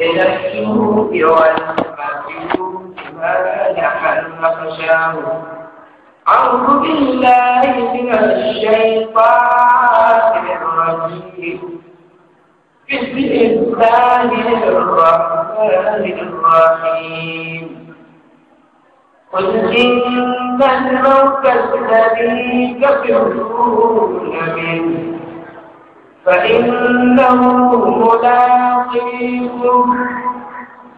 لنفسه يعلمكم ما نحن نخشاه أعوذ بالله من الشيطان الرجيم بسم الله الرحمن الرحيم قل إن الموت الذي تفرون منه فإنه ملاقيكم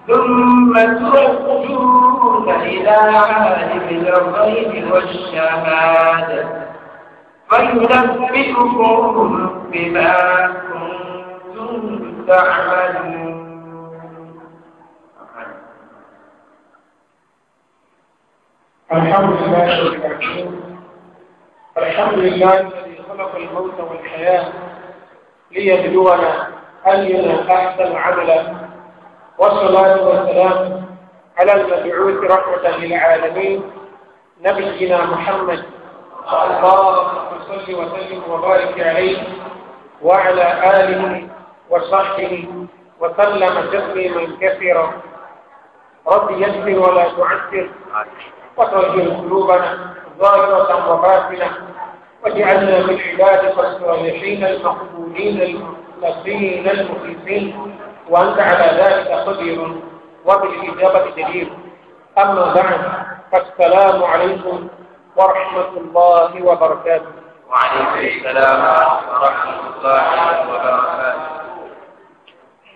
ثم تردون إلى عالم الغيب والشهادة فينبئكم بما كنتم تعملون الحمد لله رب الحمد لله الذي خلق الموت والحياه ليبلونا أينا أحسن عملا والصلاة والسلام على المبعوث رحمة للعالمين نبينا محمد اللهم صل وسلم وبارك عليه وعلى آله وصحبه وسلم تسليما كثيرا رب يسر ولا تعسر وترجل قلوبنا ظاهرة وباطنة واجعلنا من عبادك الصالحين المقبولين المخلصين المخلصين وأنت على ذلك قدير وبالإجابة دليل أما بعد فالسلام عليكم ورحمة الله وبركاته وعليكم السلام ورحمة الله وبركاته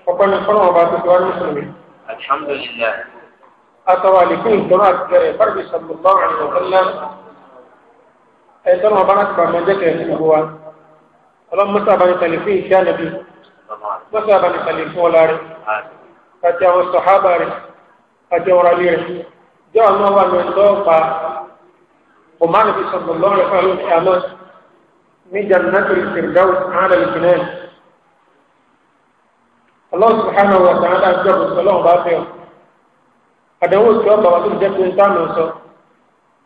الحمد لله. fọ́nà ọba tó tiwájú mùsùlùmí. alhamdulilayi. ẹ̀tọ́nà ọba láti bàmọ́ jẹ́kẹ̀ ní gbogbo wa ọlọ́mọ́sá àbáni tẹ̀lé fún ìṣẹ́ ànàbí mọ́sá àbáni tẹ̀lé fún ọlá rẹ̀ àti àwọn sọ̀hábà rẹ̀ àti ọ̀rọ̀ alẹ́ rẹ̀ jẹ́ ọ̀nà wà ní ọ̀dọ́ ọ̀pá ọ̀mánà fi sọ̀tọ̀ lọ́rẹ̀ fún àlọ́ ìṣàmọ́ ní jannatul firdaus ààrẹ lùkùnẹ́ ọlọ́run subhanahu wa ta'ala àjọ àbùsọ̀lọ́run bá fẹ́ àdánwò tí ọba wa tó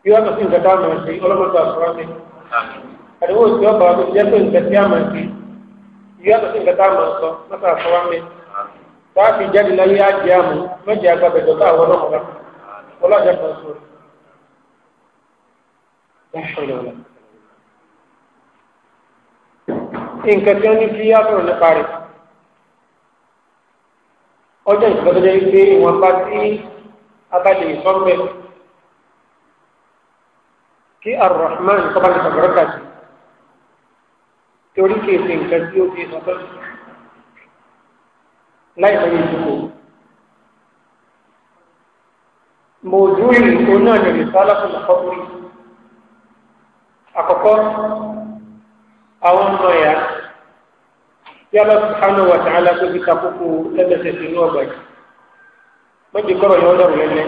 yóò tó sí nǹkan tá a máa ṣe ọlọ́mọdé àṣọwá ṣe. àdéhùn òsì ọba wa tó ti jẹ́ pé nǹkan tí a máa ṣe yóò tó sí nǹkan tá a máa sọ mọ́tà àṣọwá mi. tá a fi jáde láyé á jẹ́ àmú méjì agbábẹ́jọ tá àwọn ọlọ́mọ ọlọ́jà kan sọ. nǹkan tí wọ́n ní kí á sọ̀rọ̀ nípa rẹ̀ ọjọ́ ìṣèjọba tó ìwọ̀nba tí abájẹ́ ìsọ́nbẹ̀ẹ́ kí arrahman kọ́ bá lè sàgbọ́rọ́kà sí torí kì í ṣe nǹkan tí ó fi sọ́tọ́ láì sọ yìí dúkò. mòdú ìrìnkò náà lè rí sálá fún ọkọ̀ àkọ́kọ́ àwọn ọmọ ẹ̀yà tí a bá sùkánù wà sàálà tó fi takókò lẹ́gbẹ̀ẹ́sẹ̀ sínú ọgbà yìí wọ́n ti kọ́rọ̀ yọ ọ́ lọ́rùn lẹ́lẹ́.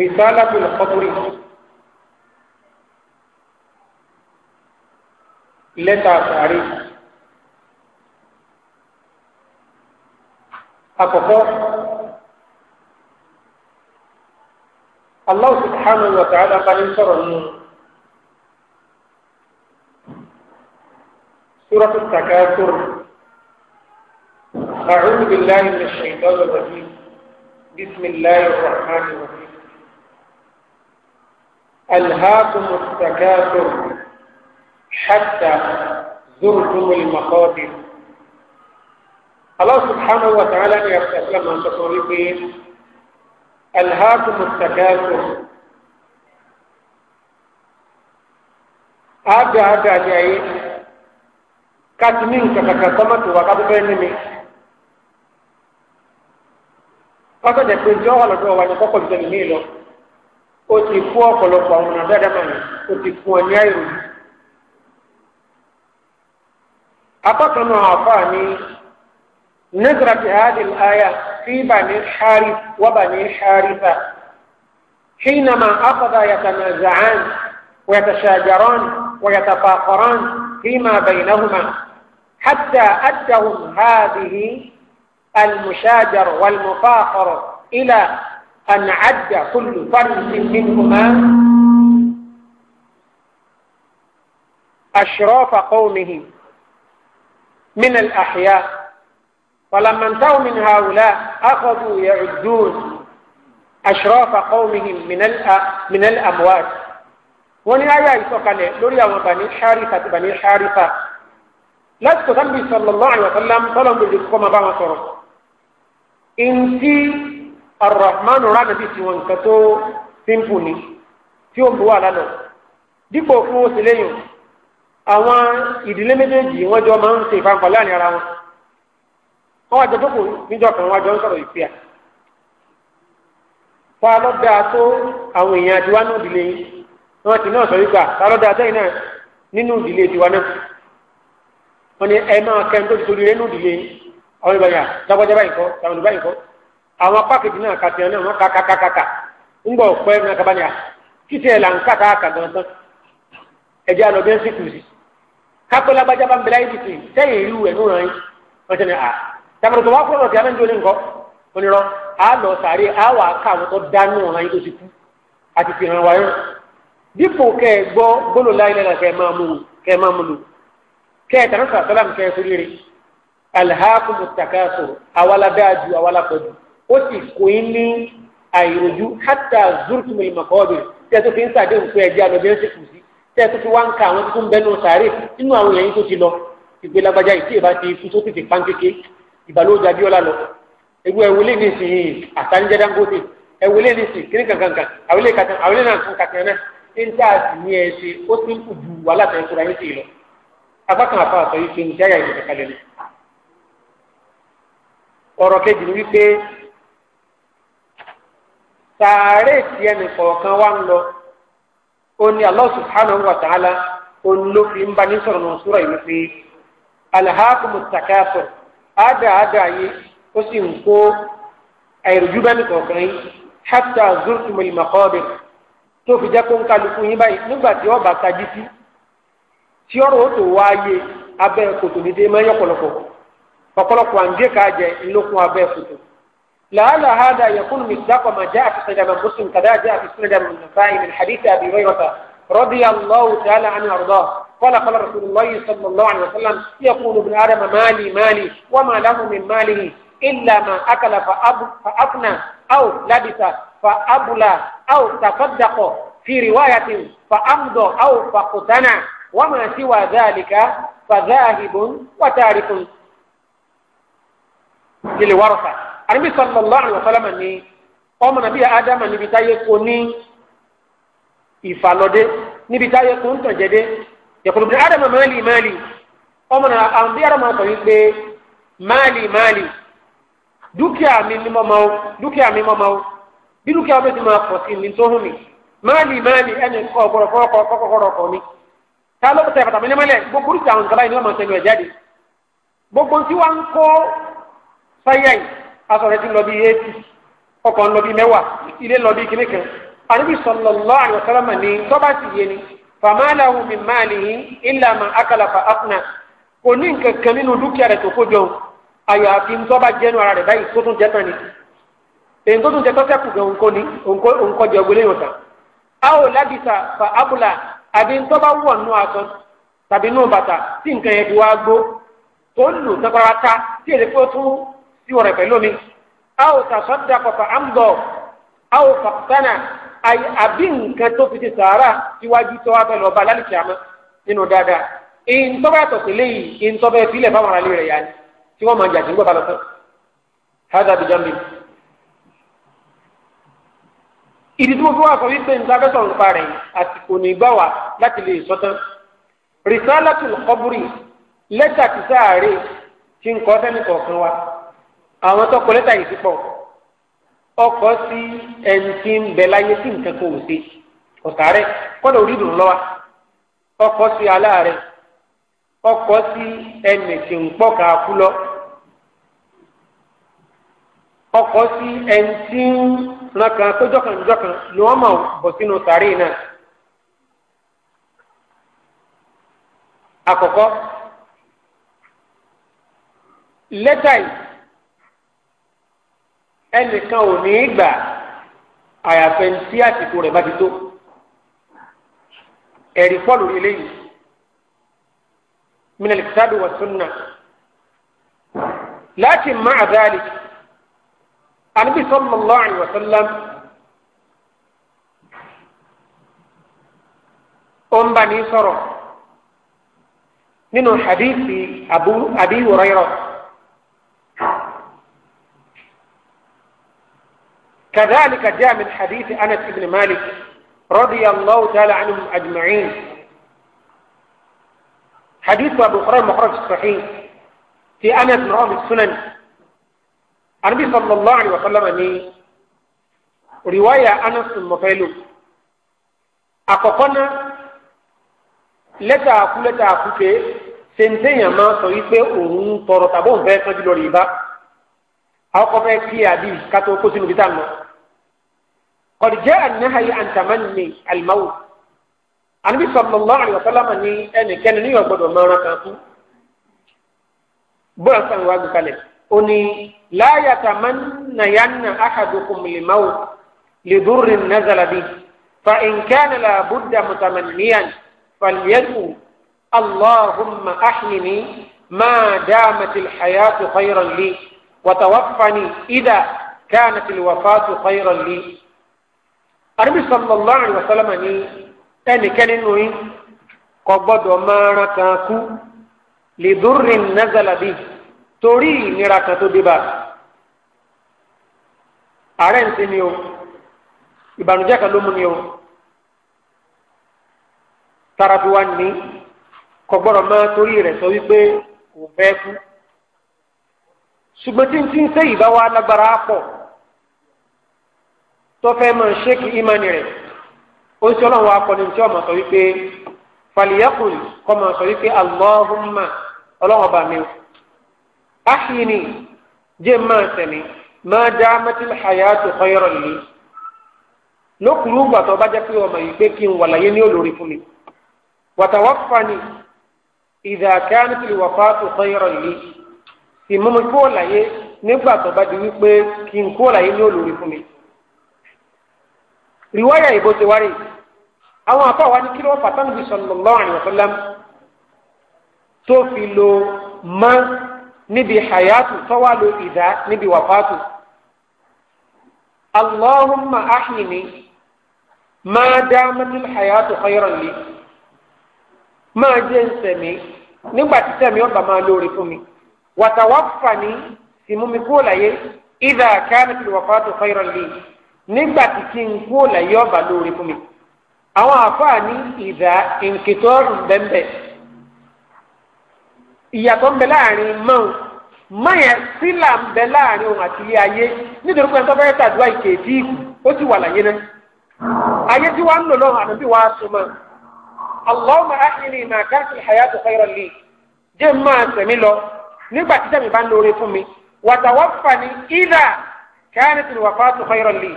رسالة لتا تعريف أكفر الله سبحانه وتعالى قال انصر سورة التكاثر أعوذ بالله من الشيطان الرجيم بسم الله الرحمن الرحيم ألهاكم التكاثر حتى زرتم المقابر الله سبحانه وتعالى يستسلم عن تصريفهم ألهاكم التكاثر أجا أجا جاي كاتمين كتكاتمت وقد بينني قد يكون جوهر الجوهر وقد يكون ó ti fún ọ̀pọ̀lọpọ̀ àwọn ọ̀nà dáadáa mọ̀ ó ti fún ọ ní àìròyìn. apákan náà àfáà ní nazarati hadil aya fi bà ní harith wa bà bà. ní na ma yàtà bani haritha حينما أخذ يتنازعان ويتشاجران huma. فيما بينهما حتى أدهم هذه المشاجر والمفاخر ila أن عد كل فرد منهما أشراف قومه من الأحياء فلما انتهوا من هؤلاء أخذوا يعدون أشراف قومهم من من الأموات wọ́n ní ayé àìsọ̀kalẹ̀ lórí àwọn bani ṣárífà àti bani ṣárífà lásìkò sábì sallallahu alaihi wasallam tọ́lọ́mù lè kọ́ máa bá wọn arahman rana bíi tiwọn nǹkan tó simple ni tí ó ń bu wà lánàá dípò fún oṣù lẹ́yìn àwọn ìdílé méjèèjì wọ́n jọ máa ń ṣe ìfanfà láàrin ara wọn wọ́n tó kù níjọ kan wájọ ń sọ̀rọ̀ ìfẹ́ fa lọ́dà tó àwọn èèyàn àtiwá náà ìdílé yìí wọ́n ti náà sọ wípé ta lọ́dà sẹ́yìn náà nínú ìdílé tiwa náà wọ́n ní ẹ máa kẹ́ ń tó ti torí rẹ́ nínú ìdílé yìí àwọn ìbáyà dábọ́já báyìí kọ́ tàbí báyìí kọ́ àwọn apá kejì náà kàtì ẹ̀ náà wọ́n kà kà kà kà ńgbà a ẹ̀ náà kábàánì à títí ẹ̀ là ń kàtà kà gan tán ẹ̀jẹ̀ àná bí ẹ̀ ń sì kùsì kápẹ́lá gbajá bá ń bẹ̀rẹ̀ ayé tìtì sẹ́yìn ti aka ẹ kẹ máa mú kẹ ó sì kó yín ní àìròjú hátà zurtum ìmọ̀kọ́ọ̀dù tẹ́ tó fi ń sàdéhùn pé ẹ̀jẹ̀ àlọ́ bí wọ́n ti kù sí tẹ́ tó fi wá ń ka àwọn tó ń bẹnu sàárè nínú àwọn èèyàn tó ti lọ ìgbélágbájá ìtì ìbá ti ikú tó tètè pánkéké ìbàlóòjà bíọ́lá lọ ewu ẹwọlé ní ìsìn àtàǹjẹ Dangote ẹwọlé ní ìsìn kiri kankankan àwọlé kankan àwọlé náà kankan náà níta sì ní ẹ ṣe ó ti taare tí ẹnì kọ̀ọ̀kan wa ń lọ o ní Allah subhanahu wa ta'ala o ń ló fi ń bá ní sọ̀rọ̀ náà sura yìí pé alhaakumu takaso àádáadáa yìí ó sì ń kó àìròjú bá ní kọ̀ọ̀kan yìí tó fi jẹ́ kó ń kálukú yín báyìí nígbà tí ọba tají sí tí ọ̀rọ̀ ó tó wáyé abẹ́ kòtò nídé لعل هذا يكون مصداق ما جاء في سنة من مسلم كذا جاء في سنة من النسائي من حديث أبي هريرة رضي الله تعالى عنه وارضاه قال قال رسول الله صلى الله عليه وسلم يقول ابن آدم مالي مالي وما له من ماله إلا ما أكل فأقنى أو لبس فأبلى أو تصدق في رواية فأمضى أو فقتنى وما سوى ذلك فذاهب وتارك للورثة àrùbí sallallahu alaihi wasallam ni ọmọ nàbí Adam níbi táyé kò ní ìfàlọ́dé níbi táyé kò ń tọ̀jẹ̀dé yẹ̀kùrù bí ádámà máàlì máàlì ọmọ nàbí àrùbí Adam sọ wípé máàlì máàlì dúkìá mi ni mo máa o dúkìá mi mo máa o bí dúkìá mi ti máa pọ̀ sí mi tó hùn mi máàlì máàlì ẹnì ọ̀gbọ̀rọ̀ kọ́kọ́rọ̀ kọ́ mi ta ló tẹ pàtàkì nímọ̀lẹ̀ gbogbo oríṣi àwọn nǹkan báyìí ni wọ́n máa ń tẹnu ẹ̀ jáde gbogbo tí wọ́n ń kó sáyà yìí aṣọ rẹ̀ ti lọ bí eighty ọkọ̀ ń lọ bí mẹ́wàá ilé lọ bí kíní kan àníbi sallallahu alaihi wasallam ní tọ́ba sì yé ni fàmáàláhu min máàlìhí illa ma akala fa afna kò ní nǹkan kan nínú dúkìá rẹ̀ tó kó jọ àyà àfi tọ́ba jẹ́nu ara rẹ̀ báyìí tó tún jẹ́ tán ni èyí tó tún jẹ́ tọ́sẹ̀kù gan ni òǹkọ́ jẹ́ ògbélé yòó a ò lábìsà fa abula àbí tọ́ba wọ̀ nù aṣọ tàbí nù bàtà tí nǹkan yẹn ti wá gbó tó ń lò tẹ́kọ̀rọ̀ tí èdè pé tún sí ọ̀rẹ́ pẹ̀lú mi aw tasaddaqa fa amdo aw faqtana àbí nǹkan tó fi ti sàárà síwájú tó wá bẹ́ẹ̀ lọ bá lálùkì àmọ́ nínú dáadáa ìǹtọ́bẹ̀ àtọ̀sí léyìí ìǹtọ́bẹ̀ fílẹ̀ báwọn ará lè rẹ̀ yá ni tí wọ́n máa jàdí ń gbọ́dọ̀ lọ́sọ̀ hádà bìjọ́ mi. ìdí tí mo fi wá sọ wípé nǹkan abẹ́ sọ̀rọ̀ nípa rẹ̀ àsìkò ní gbà wá láti lè sọ tán risalatul qabri lẹ́tà ti ń kọ́ sẹ́ni kọ̀ọ̀kan wa àwọn tó kọ lẹ́tà yìí ti pọ̀ ọkọ̀ sí ẹni tí ń bẹ láyé tí nǹkan kò ṣe ọ̀sàrẹ̀ kọ́dọ̀ orí dùn lọ́wọ́ ọkọ̀ sí aláàrẹ̀ ọkọ̀ sí ẹni tí ń pọ̀ ká kú lọ ọkọ̀ sí ẹni tí ń ràn kan tó jọ̀kan jọ̀kan ni wọ́n mọ̀ bọ̀ sínú sàárè náà. àkọ́kọ́ lẹ́tà yìí ẹnìkan ò ní í gbà àyàfẹ́ tí àsìkò rẹ̀ bá ti tó ẹ̀rí pọ̀ lórí eléyìí minal kitabi wa sunna lakin ma'a dhalik anabi sallallahu alaihi wa sallam ọmba ní nínú hadithi abu abi hurairah. كذلك جاء من حديث أنس بن مالك رضي الله تعالى عنهم أجمعين حديث أبو هريرة مخرج الصحيح في أنس بن رافع السنن النبي صلى الله عليه وسلم ني رواية أنس المفيلو أقفنا لتا أقول lẹ́tà أقول pé sèǹtẹ̀yàn máa sọ yìí pé òun tọrọ tàbí òun fẹ́ sọ́jú lórí ibà àwọn kátó kó sínú قد جاء النهي عن تمني الموت النبي صلى الله عليه وسلم ní ẹnikẹ́ni ní ọgbọ́dọ̀ mọ́ra kan fún bóyá sàn wá gbé kalẹ̀ ó ní لا يتمنين أحدكم الموت لضر نزل به فإن كان لا بد متمنيا فليدعو اللهم أحيني ما دامت الحياة خيرا لي وتوفني إذا كانت الوفاة خيرا لي àdúgbò sallallahu alaihi wasallam ní ẹnikẹ́ni nínú yín kò gbọ́dọ̀ máa ran kan kú li durrin nazala bi torí ìnira kan tó dé bá ààrẹ ń sin ni o ìbànújẹ́ kan ló mú ni o tarafi wa ní gbọ́dọ̀ máa torí rẹ̀ sọ wípé òun fẹ́ kú ṣùgbọ́n tí ń sẹ́yìn bá wa lágbára pọ̀ tọ́fẹ́ máa ṣéèkì ìmánì rẹ̀ ó ń sọ ọlọ́run wa kọ́ni tí ọmọ sọ wípé faliyakun kọ́ máa sọ wípé allahumma ọlọ́run ọba mi ahini jẹ́ máa sẹ̀mí máa dá mẹ́tìlì hayatu khayran li lókùrú gbàtọ́ bá jẹ́ pé ọmọ yìí pé kí n wà láyé ní olórí fún mi wàtàwáfani ìdàkánìtìlì wàfáàtù khayran li sì mú mi kó láyé nígbà tó bá di wípé kí n kó láyé ní olórí fún mi riwaya ìbò ti wárí àwọn àbá wa ní kí ló fà tán bí sallallahu alaihi wasallam tó fi lo má níbi hayatu tọ́wá lo ìdá níbi wàfátù allahumma ahyini ma damatil hayatu khayran li máa jẹ́ nsẹ̀mí nígbà tí sẹ̀mí ọba máa lóore fún mi wàtàwáfà ni sì mú mi kúrò láyé ìdá kánàtì wàfátù khayran li. nigba tí kí n kú ọ̀la yọ ọba lóore fún mi àwọn àfáà ní ìdá nkìtọ́rù bẹ́ẹ̀ ìyàtọ̀ ń bẹ láàrin mọ́ọ̀n sílà ń bẹ láàrin òun àti ilé ayé nítorí pé tàdúrà ìkè tí ó ti wà láyé náà ayé tí wàá ń lò lọ́wọ́ àdúgbò wàá hayatu khayran li jẹ́ máa sẹ̀mí lọ nígbà tí bá ń fún mi kẹ́hìnì tó wà fáàtù khayran li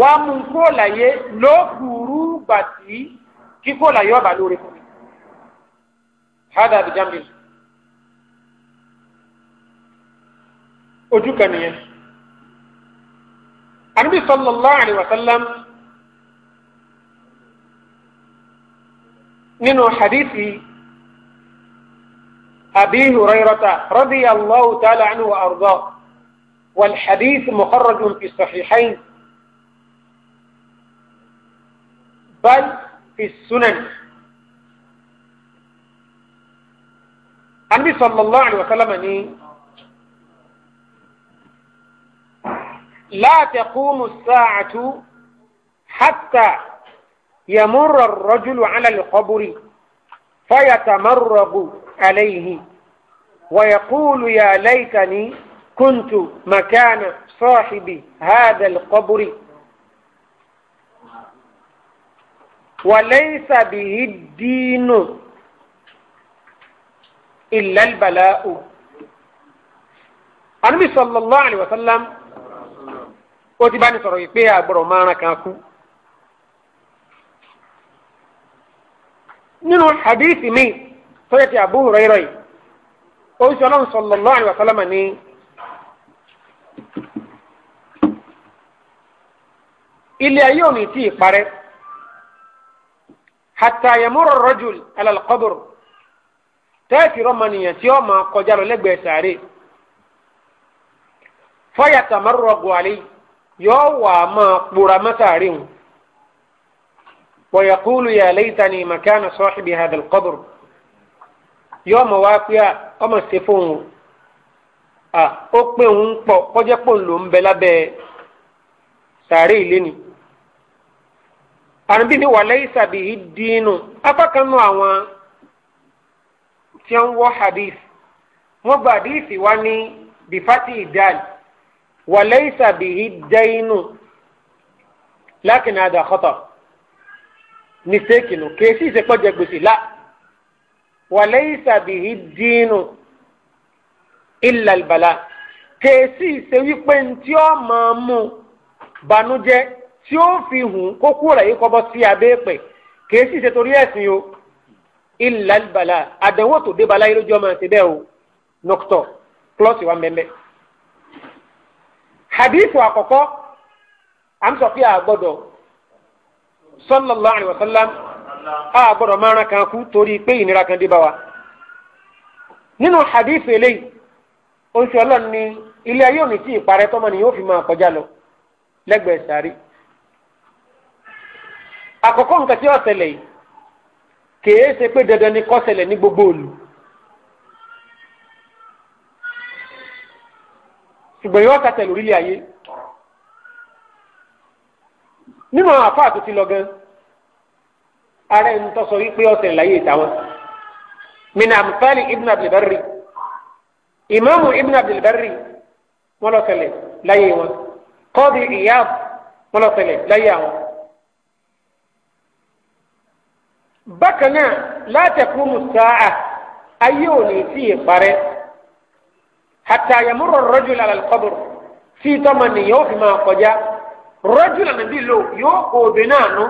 wà á mú kó láyé lókùrú gbàtí kíkó láyé ọ̀bà lórí fún mi. hádà àbíjá mi. ojú kan nìyẹn. àníbi sallallahu alaihi wa sallam nínú hadithi abi hurayrata radiyallahu ta'ala anhu wa ardọ́. والحديث مخرج في الصحيحين بل في السنن النبي صلى الله عليه وسلم يعني لا تقوم الساعة حتى يمر الرجل على القبر فيتمرغ عليه ويقول يا ليتني كنت مكان صاحب هذا القبر وليس به الدين إلا البلاء النبي صلى الله عليه وسلم ó ti bá ní sọ̀rọ̀ yìí pé àgbọ̀rọ̀ máa ran kan kú. nínú hadith mi tó yẹ ti Abu Hurairah yìí ó ń sọ ọlọ́run sallallahu alaihi wasallam ní. ilé ayé òní tí ì parẹ́ hàtàyẹmúrò rọjùl alalqabr tẹ́ẹ̀tì rọmọnìyàn tí ó máa kọjá lọ lẹ́gbẹ̀ẹ́ sàárè fọyàtà márùrọ̀ gùwálé yóò wà máa kpura mọ́sàárè wọn wọ̀yàkúlù yà lẹ́yìntàní màkàna sọ́ọ̀xìbì hadal qabr yóò máa wá pé ọmọ sẹ́fọ̀n o ó pé òun pọ̀ kọjá pọ̀ ló ń sàárè ìlénìí àrùnbí ni wàlẹ́ ìsàbí yìí dínú apá kan nù àwọn tí wọ́n wọ́ hadith wọ́n gba hadith wa ní bifati idal wàlẹ́ ìsàbí yìí dẹ́yinú lákìnnà àdàkọ́tọ̀ mistake nù kèésì ìsèpọ̀jẹ gbèsè la wàlẹ́ ìsàbí yìí dínú ìlàlbàlà kèésì ìsèwípé ntí ọ̀ máa mú banújẹ́ tí ó fi hùn kó kú rẹ̀ yìí kọ́bọ́ sí abẹ́ pẹ̀ kìí sì ṣe torí ẹ̀sìn o ilà ìbàlà àdánwò tó dé balá ìlójú ọmọ ti bẹ́ẹ̀ o nọ́kítọ̀ klọ́ọ̀sì wa mẹ́mẹ́. hadith àkọ́kọ́ à ń sọ pé àgbọ̀dọ̀ sallallahu alaihi wasallam àgbọ̀dọ̀ márùn kan kú torí pé ìnira kan dé bá wa. nínú hadith eléyìí oṣù ọlọ́run ni ilé ayé òní tí ìparẹ́ tọ́mọ nìyẹn ó fi máa kọjá lọ lẹ́gbẹ̀ẹ́ sáré àkọ́kọ́ nǹkan tí ó ṣẹlẹ̀ yìí kèé ṣe pé dandan ni kó ṣẹlẹ̀ ní gbogbo òlu ṣùgbọ́n yóò ṣàtẹ̀ lórílẹ̀ ayé nínú àwọn àfáà tó ti lọ gan ara ẹni tó sọ wípé ó láyé ìtàwọn mina amfani ibn abdulbari imaamu ibn abdulbari wọn láyé wọn kọ́ọ̀dì ìyá wọn láyé àwọn. bákan náà látẹ̀kùn mùsáà ayé ò ní sí ìparẹ́ hàtà yàmúrò rọ́jò làlàkọ́bùrù tí tọ́mọ nìyẹn ó fi máa kọjá rọ́jò lànà bí lò yóò kó obìnrin náà nù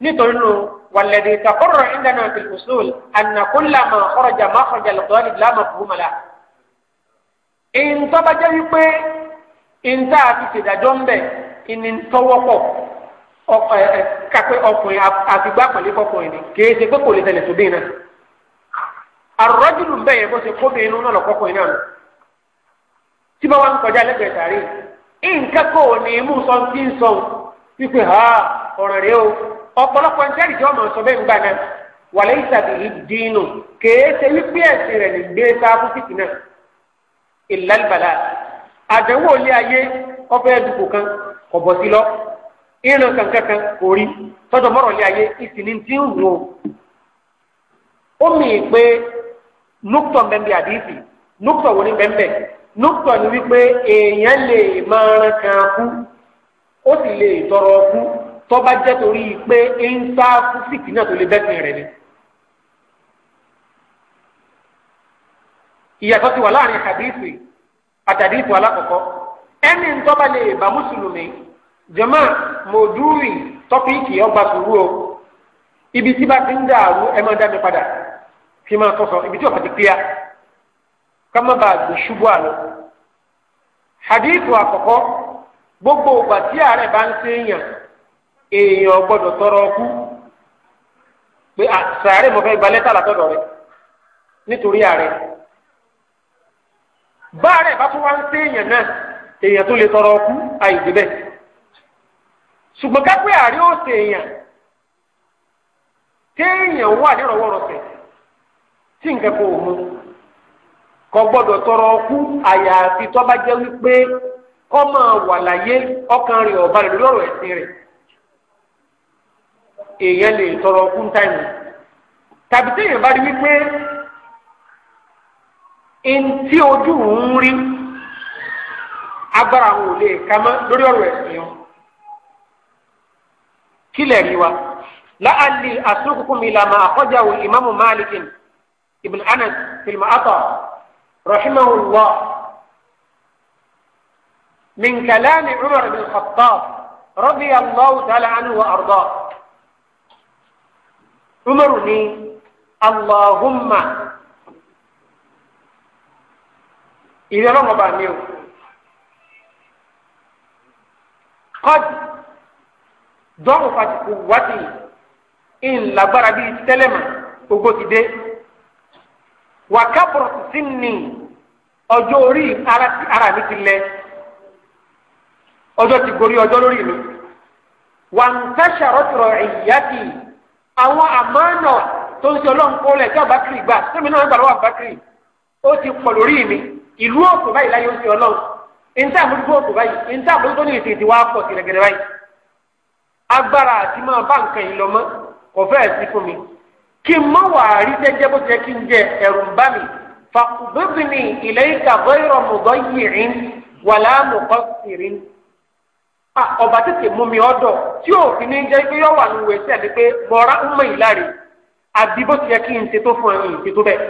nítorí nù wàlẹ́dì takọ́rọ̀ ìdáná tìlùsùl ànàkúnlá máa kọ́rọ̀jà máa kọ́rọ̀jà lọ́tọ́ọ́lì láàmà fúnmọ́lá. ìntọ́bajẹ́ wípé ìntà àti ṣèdájọ́ ń bẹ̀ ìní kakpe ọkùnrin àfigbá pẹ̀lú kọkùnrin ni kì í ṣe pé kò lè tẹ̀lé tóbi náà àrọ́jùlù bẹ́ẹ̀ yẹn bó ṣe kóbi inú náà lọ́kọ́kùnrin náà tí bá wà ń kọjá lẹ́gbẹ̀ẹ́ sàárè nǹkan kò ní mú sọ tí ń sọ wípé ha ọ̀ràn rẹ o ọ̀pọ̀lọpọ̀ ń tẹ́lẹ̀ tí wọ́n máa sọ bẹ́ẹ̀ ń gbà náà wàlẹ́ ìsàbí ìdínú kì í ṣe wípé ẹ̀sìn rẹ̀ ní gbé sáfù títì náà ìlàlùbàlà àdánwò ilé ayé ọ̀fẹ́ ẹ̀dùkù ìrìnà kankankan kò rí tọ́jọ́ mọ́rọ̀ lé ayé ìsìn tí ń wò ó mì í pé núktọ̀ ń bẹ́ẹ̀ àdìsí núktọ̀ wò ní bẹ́ẹ̀ núktọ̀ ni wípé èèyàn lè máa ran kan kú ó sì lè tọrọ kú tọ́ba jẹ́ torí pé ń sá kú síkì náà tó lè bẹ́sìn rẹ̀ ni. ìyàtọ̀ ti wà láàrin àdìsí àtàdìsí alákọ̀ọ́kọ́ ẹni tọ́ba lè bá mùsùlùmí jọmọ mọdúrì tọpíìkì ọgbà sùúrù o ibi tí bá ti ń dàrú ẹ máa dá mi padà kí n máa tọ́sọ ibi tí ọ̀pá ti píà ká má bàa gbé ṣubú àlọ́ hadith àkọ́kọ́ gbogbo ìgbà tí àárẹ̀ bá ń ṣe èèyàn èèyàn gbọ́dọ̀ tọrọ ọkú pé àṣàárẹ̀ mọ̀ fẹ́ gba lẹ́tà látọ̀dọ̀ rẹ̀ nítorí àárẹ̀ bá àárẹ̀ bá tún wá ń ṣe náà èèyàn tó lè tọrọ ọkú àìdíbẹ̀ ṣùgbọ́n kápẹ́ àrí òsè èèyàn téèyàn wà nírọ̀wọ́rọ̀sẹ̀ tí nǹkan kò mú kò gbọ́dọ̀ tọrọ ọkú àyàfi tó bá jẹ́ wípé kó máa wà láyé ọkàn rẹ̀ ọ̀bá rẹ̀ lọ́rọ̀ ẹ̀sìn rẹ̀ èèyàn lè tọrọ ọkú ń táìmù tàbí téèyàn bá rí wípé ntí ojú ń rí agbára àwọn ò lè ka mọ́ lórí ọ̀rọ̀ ẹ̀sìn yẹn. kílẹ̀ rí wa láàlì àsókùnkùn ma làmà àkọ́jáwò imamu máàlìkì ibn anas fìlmù àtọ̀ rahimahullah min kalami umar bin khattab radiyallahu ta'ala anhu wa arda umar ni allahumma ìrẹ́lọ́mọba mi o qad. dọ́wọ́ fàtìkù wáti ìlàgbára bíi tẹ́lẹ̀mà ogbó ti dé wà kábọ̀rọ̀ sí ni ọjọ́ orí ara mi ti lẹ ọjọ́ ti gorí ọjọ́ lórí mi wà ń tẹ́sà rọ́tọ̀rọ̀ ìyáàtì àwọn àmọ́nà tó ń ṣe ọlọ́nkọ́ lẹ̀ tí àbákiri gbà sẹ́mi náà gbà lọ́wọ́ àbákiri ó ti pọ̀ lórí mi ìlú òkú báyìí láyé ó ṣe ọlọ́run ìntàbójútó òkú báyìí ìntàbójútó ní ìtìtì wá pọ̀ sí báyìí agbára àti máa bá nǹkan yìí lọ mọ́ kò fẹ́ẹ̀ sí fún mi kí n má wàá rí jẹ́jẹ́ bó ti yẹ kí n jẹ ẹ̀rù ń bá mi fàkùbẹ́bìnì ilẹ̀ ìka bẹ́ẹ̀rọ̀ mọ̀gọ́ yìírín wàlá mọ̀kọ́ sìrín. ọba tètè mú mi ọ̀dọ̀ tí òfin ní jẹ́ pé yọ wà nínú ìwé sẹ́ni pé mọ̀ra ń mọ̀ yìí láre àbí bó ti yẹ kí n ṣe tó fún ẹ̀yìn ṣe tó bẹ́ẹ̀.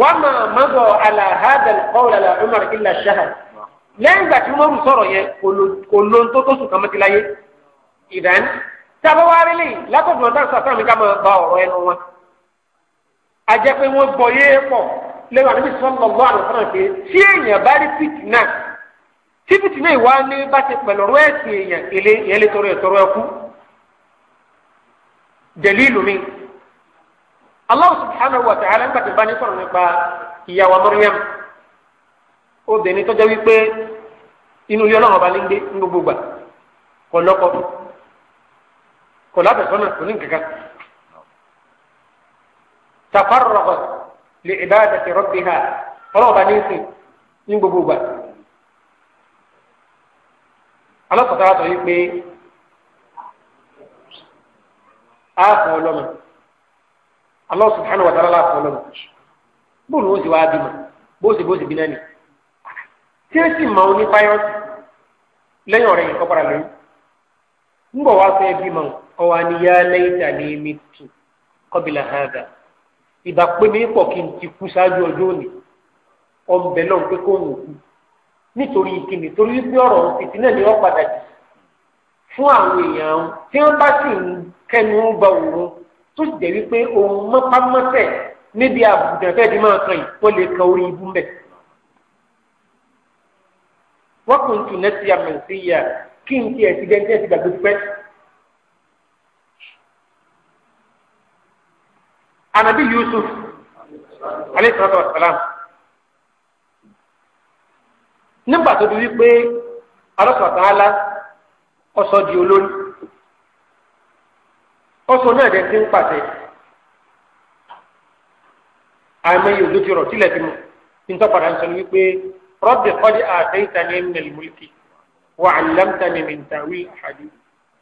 wàá máa mọ́gọ́ àlàhádàl kọ́ọ̀lá lẹ́yìn ìgbà tí umaru sọ̀rọ̀ yẹn kò lo tó tó sùn kàmẹ́tì láyé ìdán tábà wá rí lẹ́yìn látọ̀dún ọ̀dá sàtàn mi ká máa gba ọ̀rọ̀ ẹnu wọn. a jẹ́ pé wọ́n gbọ́ yé pọ̀ lẹ́yìn àdébí sọ́nà lọ́wọ́ àná fúnra pé tí èèyàn bá rí pìtì náà tí pìtì náà wá ní bá ti pẹ̀lú ọ̀rọ̀ ẹ̀sìn èèyàn èlé ìyẹn lè tọrọ ẹ̀tọ́rọ ẹ̀kú. dẹ̀lílù mi Allah subhanahu wa ta'ala ń gbàtí obìnrin tọ́jọ́ wípé inú ilé ọlọ́run ọba ní gbé ní gbogbo gbà kọ lọ́kọ kọ látọ̀sọ́nà kò ní kankan. tafarrọ̀kọ̀ lè ìbáradà ti rọ́bì ha ọlọ́run ọba ní sìn ní gbogbo gbà. alọ́kọ̀tara sọ wípé a fọ ọlọ́mọ Allah subhanahu wa ta'ala la fọ ọlọ́mọ bóòlù ó sì wá bímọ bóòsì bóòsì bí náà nì. tí ó sì máa ní fáyọ́sì lẹ́yìn ọ̀rẹ́ yìí kọ́kọ́ra lóyún ń bọ̀ wá fẹ́ bí mọ̀ ọwọ́ àníyá lẹ́yìntà ní mìtù kọ́bìlà pé mi pọ̀ kí n ti kú ṣáájú ọjọ́ òní ọ̀nbẹ ni wọ́n padà jù fún àwọn èèyàn tí wọ́n bá sì ń kẹnu ń òun tó sì jẹ́ wípé òun mọ́pámọ́sẹ̀ níbi àbùdàn fẹ́ẹ́ wọ́n kò tún nẹ́tì àmì ìyá kí n ti dẹ́ntẹ́ ti gbàgbé anabi yusuf alayhi wa salam nígbà tó di wípé alọ́sọ̀tàn ala ọsọ di olórí ọsọ náà dẹ̀ ti ń pàṣẹ àmì yòókù ti mu ń رب قد آتيتني من الملك وعلمتني من تأويل الأحاديث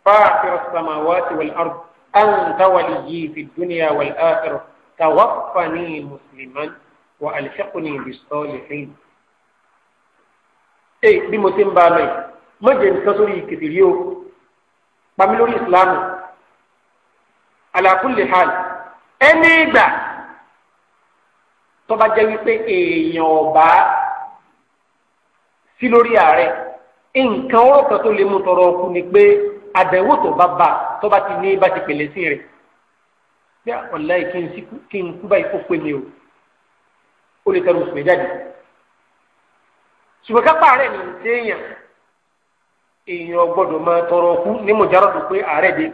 فاطر السماوات والأرض أنت وليي في الدنيا والآخرة توفني مسلما وألحقني بالصالحين ee bí mo ti ń bá a lọ yìí má jẹ́ nǹkan sórí kìtìrí o pàmí lórí ìsìláàmù ala kulli hal ẹni ìgbà tó bá jẹ́ wípé èèyàn ọ̀bá sí lórí ààrẹ nǹkan ọ̀rọ̀ kan tó lè mú tọrọ ọkù ni pé àdánwò tó bá bá tó bá ti ní bá ti pèlè sí rẹ̀ bí ọ̀la yìí kí n kú báyìí kó pé mi o ó lè tẹnu sùn jáde ṣùgbọ́n kápá ààrẹ ni téèyàn èèyàn gbọ́dọ̀ máa tọrọ ọkù ní mọ̀járọ̀dù pé ààrẹ dé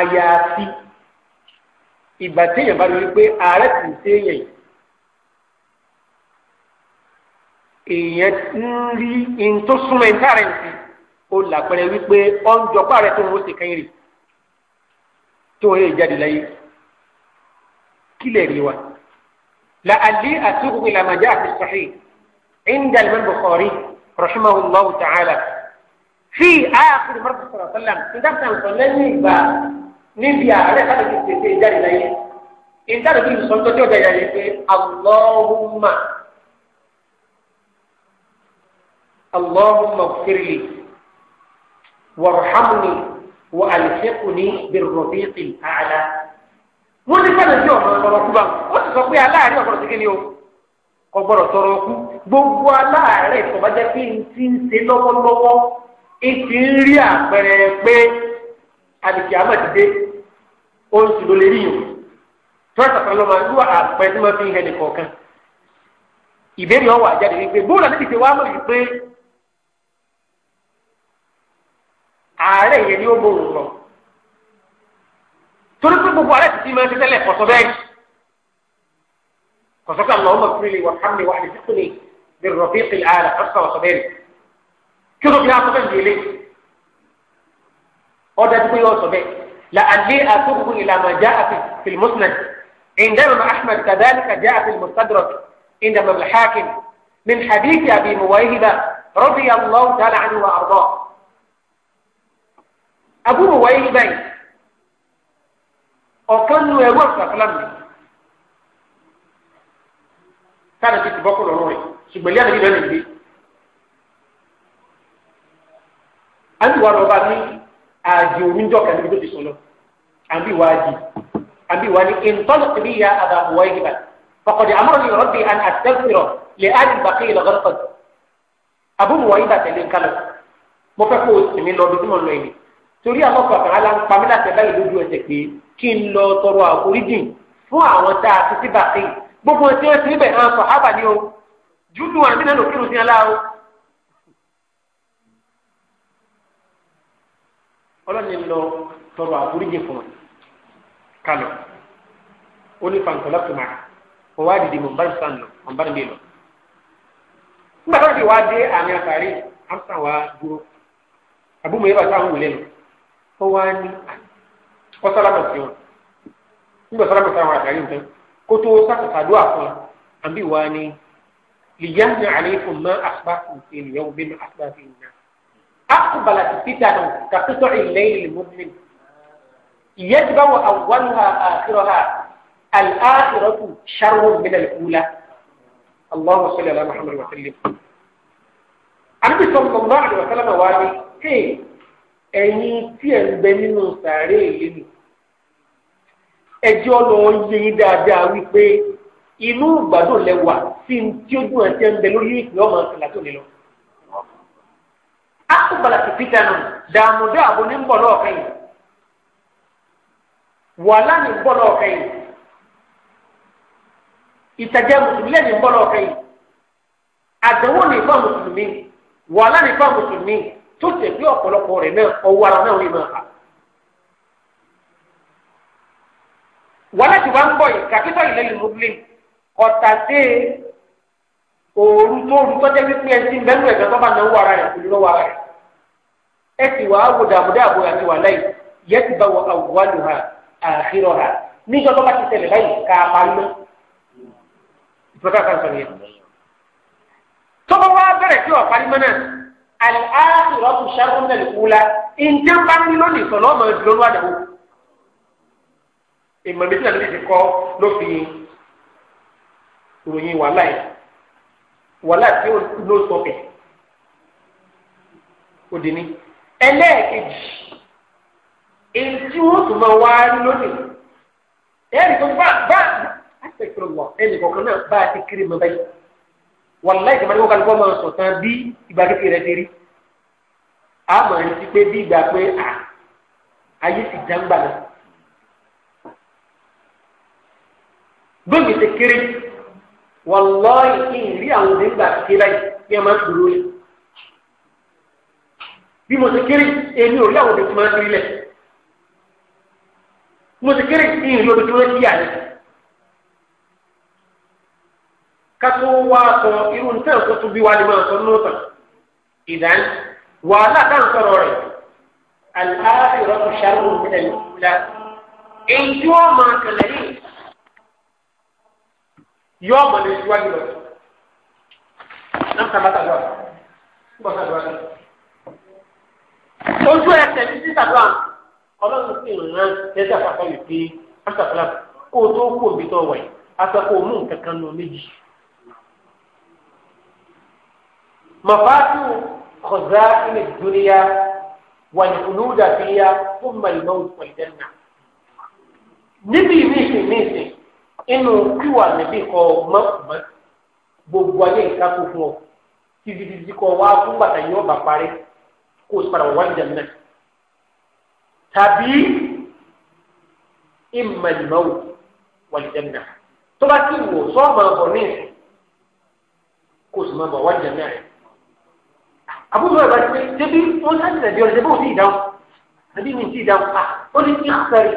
àyàfi ìgbà téèyàn bá lórí pé ààrẹ kì í téèyàn yìí. èèyàn ń rí in tó súnmọ́ in táàrẹ̀ nìkan ó làpẹrẹ wípé ọ̀njọ́pá rẹ̀ tó ń wọ́sẹ̀ kẹ́yìn rè tó ń rí ìjáde láyé kílẹ̀ rí wa. la'alli atubu ila ma jaa fi sahih inda al-bukhari rahimahu allah ta'ala fi akhir mardi sallallahu alaihi wasallam ndakta nkan lẹ́yìn ìgbà níbi ààrẹ káàdì tètè ìjáde láyé ìjáde bí اللهم اغفر لي وارحمني وألحقني بالرفيق الأعلى wọ́n ní sábẹ̀ sí ọ̀nà ọ̀rọ̀ kú bá ó sì sọ pé aláàárẹ̀ ọ̀gbọ̀rọ̀ sí kíni o ọ̀gbọ̀rọ̀ tọrọ kú gbogbo aláàárẹ̀ tó pé n ti ń ṣe lọ́wọ́lọ́wọ́ n ti ń rí àpẹẹrẹ pé àdìsí àmàdìdé oṣù ló lè rí yòó tọ́sà kan ló máa ń àpẹẹrẹ tí wọ́n fi ń hẹ́ nìkọ̀ọ̀kan ìbéèrè ọ̀wà jáde wípé bóòlù àti ìṣèwà mọ̀ wípé àárẹ̀ yẹn ni ó bòrò lọ torí pé gbogbo àárẹ̀ títí máa ń tẹ́tẹ́lẹ̀ kọ̀sọ́ bẹ́ẹ̀ kọ̀sọ́ kan lọ́wọ́ mọ̀ fúnilé wà hàmì wà àdìsí fúnilé lè rọ̀ fi kìlì àlà kọ̀sọ́ wà sọ bẹ́ẹ̀ kí ló fi hàn sọ́bẹ̀ gbélé ọ̀dà tó yọ sọ bẹ́ẹ̀ la àdé àtúkù ìlànà já àti fìlmùsùnà عندما أحمد كذلك جاء في المستدرك عندما الحاكم من حديث أبي مويهبة رضي الله تعالى عنه وأرضاه àbúrò wáyé ní báyìí ọ̀kan nu ẹrú àtàkùnlá mi káàdì ti ti bọ́ kúrò lọ́rùn rẹ̀ ṣùgbọ́n ilé àdébí lẹ́nu ìgbé àbíwá lọ́ba ní àjì òwúńjọ́ kan níbi tó ti sùn lọ àbíwá àjì àbíwá ní ìntọ́lùkì bí ya àbàbò wáyé ní báyìí fọkọ̀dé àmọ́ ni rọ́bì àn àtẹ́sìrọ̀ lè ájì bàkì ìlọ́gọ́sọ̀ àbúrò wáyé bàtẹ̀lé nkálọ̀ mo fẹ́ kó o sì mí lọ bí tí mo lọ yìí torí àkọ́kọ́ kan ala ń pa mí láti báyìí lójú ẹsẹ̀ pé kí n lọ tọrọ àforíjì fún àwọn tá a ti ti bà sí gbogbo ẹsẹ̀ ẹsẹ̀ níbẹ̀ náà sọ ábà ni o júlù àmì náà ló kírun sí ẹlá o. ọlọ́ni lọ tọrọ àforíjì fún un kálọ̀ ó ní fàǹtọ́lá tó máa wọ́n wá dìde mọ̀nbárí sàn lọ mọ̀nbárí mi lọ. nígbà tó ti wá dé àmì àtàrí amsa wa dúró àbúmọ̀ yẹn ó wá ní ọ sálámà sí wọn nígbà sálámà sí àwọn àtàrí nǹkan kó tó sàkàtàdúrà fún wọn àbí wá ní lìyànnà àlééfùn mọ àṣìbáṣì ènìyàn bí mọ àṣìbáṣì ìnà àkùbàlà ti títà náà kàtúntò ìlẹyìn lèmọbìnrin يجبر أولها آخرها الآخرة شر من الأولى اللهم صل على محمد وسلم النبي صلى الله عليه وسلم قال هي ẹ̀yin tí ẹ̀ ń bẹ nínú sàárè yìí nì ẹjọ́ lọ yé yín dáadáa wípé inú lẹwà lẹ́wà n tí ó dùn ẹ̀jẹ̀ ń bẹ lórí ọmọ ìsìnlá tó lè lọ. akọ̀bàlà ti fi dáná dààmú dáàbò ní ń bọ̀ yìí wàhálà ní ń bọ̀ tó tẹ̀ pé ọ̀pọ̀lọpọ̀ rẹ̀ náà ọwọ́ ara náà ń máa fà. wàhálà tí wàá ń bọ̀ yìí kàkítọ̀ yìí lẹ́yìn muslim ọ̀tà sí òòrùn tó òòrùn tó jẹ́ pípín ẹtí mẹ́nu ẹ̀gbẹ́ tó bá náà wọ ara rẹ̀ kò lọ́wọ́ ara rẹ̀ ẹ ti wàá wò dàbòdà àbò àti wàhálà yìí yẹ ti bá wọ àwòwálò ha àhírọ̀ ha níjọ́ tó bá ti tẹ̀lé báyìí ká a máa lọ. ìtọ́ka kan sọ yẹn. tọ́wọ́ wá bẹ̀rẹ̀ sí ọ̀pá al-akhiratu sharrun min al-ula ǹjẹ́ bá ní lónìí sọ̀rọ̀ ọmọ ìdúró ní àdàbò ìmọ̀ méjìlá ló ti kọ́ ló fi ròyìn wàhálà yìí wàhálà tí ó ló sọ bẹ̀ ó dì ní ẹlẹ́ẹ̀kejì èyí tí tún máa wá lónìí ẹ̀rí tó bá bá àṣẹ ìpínlẹ̀ ẹnì kọ̀ọ̀kan náà bá ti kiri mọ́ báyìí wàláì tẹ̀mọ́ ní kó kálukọ́ máa sọ̀ tán bí ìgbà kékeré rẹ̀ ti rí a máa ń ti pé bí ìgbà pé à ayé sì dáńgbà náà gbòǹgì ti kéré wàláì kí n rí àwọn òde ńgbà kékeré yìí kí máa dúró yìí bí mo ti kéré èmi ò rí àwọn òde tí máa ń rí lẹ̀ mo ti kéré kí rí òde tí wọ́n ti yà lẹ́sẹ̀. kátó wá sọ irú nǹkan tó tún bí wá ní máa sọ nínú tàn ìdán wàhálà tá ń sọ̀rọ̀ rẹ̀ aláàbì rọ́pù ṣàrù nílẹ̀ nígbà èyí tí wọ́n máa kẹlẹ̀ yìí yọ ọmọ ní ìwádìí lọ náà sábàtà lọ nígbà sábàtà lọ. ojú ẹsẹ̀ ní títà lọ́wọ́ ọlọ́run sì ń rán ẹsẹ̀ àpapọ̀ yìí pé àṣàkọlá kó o tó kó o bí tọ́ wẹ̀ àṣàkó o mú nǹkan kan lọ méjì. مفاتيح خزائن الدنيا والخلود فيها ثم الموت والجنة níbi níìsì níìsì inú kíwà níbí kọ mọ́kùnmọ́ gbogbo ayé nǹkan kó fún ọ títí títí kọ wá fún bàtà yìí ọba parí kó o padà wá jẹ mẹ tàbí ìmọ̀lìmọ́wò wà jẹ mẹ tó bá kí wò sọ́ọ̀mọ̀ ọ̀bọ̀ níìsì kó o sì máa bọ̀ wá jẹ mẹ́rin àbúrò ẹ̀ bá ti pé débi wọ́n sáà tẹ̀lé ọ̀rẹ́ débi òtí ìdáhùn débi mi ti ìdáhùn à ah, ó ní kí àkàrí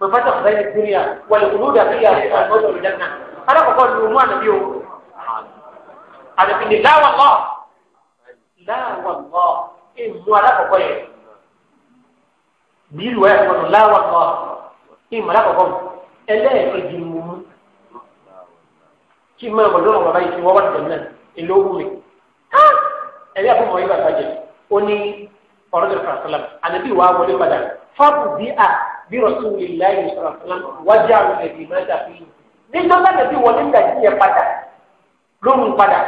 bàbá tó àkàrí nàìjíríà wà lè olóòdà bí yà á lọ́dọ̀ ìjà náà alákọ̀ọ́kọ́ ni òun ànàbí o ànàbí ni láwà lọ láwà lọ ìmú alákọ̀ọ́kọ́ yẹn bí ìlú ẹ̀ kọ́nù láwà lọ ìmú alákọ̀ọ́kọ́ ẹlẹ́ẹ̀kejì mú kí mọ̀ ọ̀dọ́ ọ̀rọ̀ ẹ̀rí àfọ̀mọ̀ yìí bàtà jẹ ó ní ọ̀rọ̀ jẹ̀rọ̀ sàlám ànábì wà wọlé padà fáàpù bí a bí rọ̀sùlì láyé sọ̀rọ̀ sàlám wájà àwọn ẹ̀dì máa dà fi yìí níjọ́ bá nàbí wọlé ń dàjí yẹn padà lóhun padà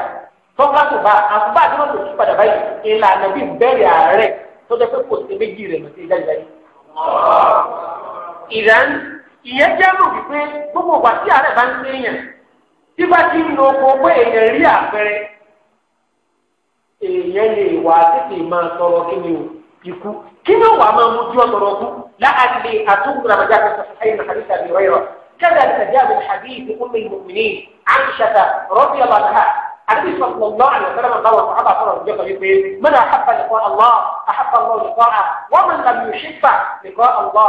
tọ́ka tó bá àtúbà tí wọ́n tó tún padà báyìí ìlà ànábì bẹ̀rẹ̀ ààrẹ tó jẹ́ pé kò sí méjì rẹ̀ lọ́sẹ̀ jáde ìrán ìyẹn jẹ́ mọ̀ wípé gbogbo ìgbà tí ààrẹ bá ń ṣe èèyàn lè wà tètè máa tọrọ kí ni o ikú kí ni wàá máa mú jọ tọrọ kú láàlè àtúntò ramajà kẹsàn ẹyìn nàkàlí tàbí rẹyọ kẹlẹ tàjà bí hadith ummi mu'minin aishata rọbì abalha àti sọ̀tún ọ̀gbọ́n àwọn ọ̀sẹ̀rẹ̀ máa báwọn sọ̀rọ̀ sọ̀rọ̀ ọ̀jọ́ kan wípé mẹ́ta àhàbà nìkọ́ allah àhàbà allah nìkọ́ à wọ́n mọ̀ làmì òṣìṣà nìkọ́ allah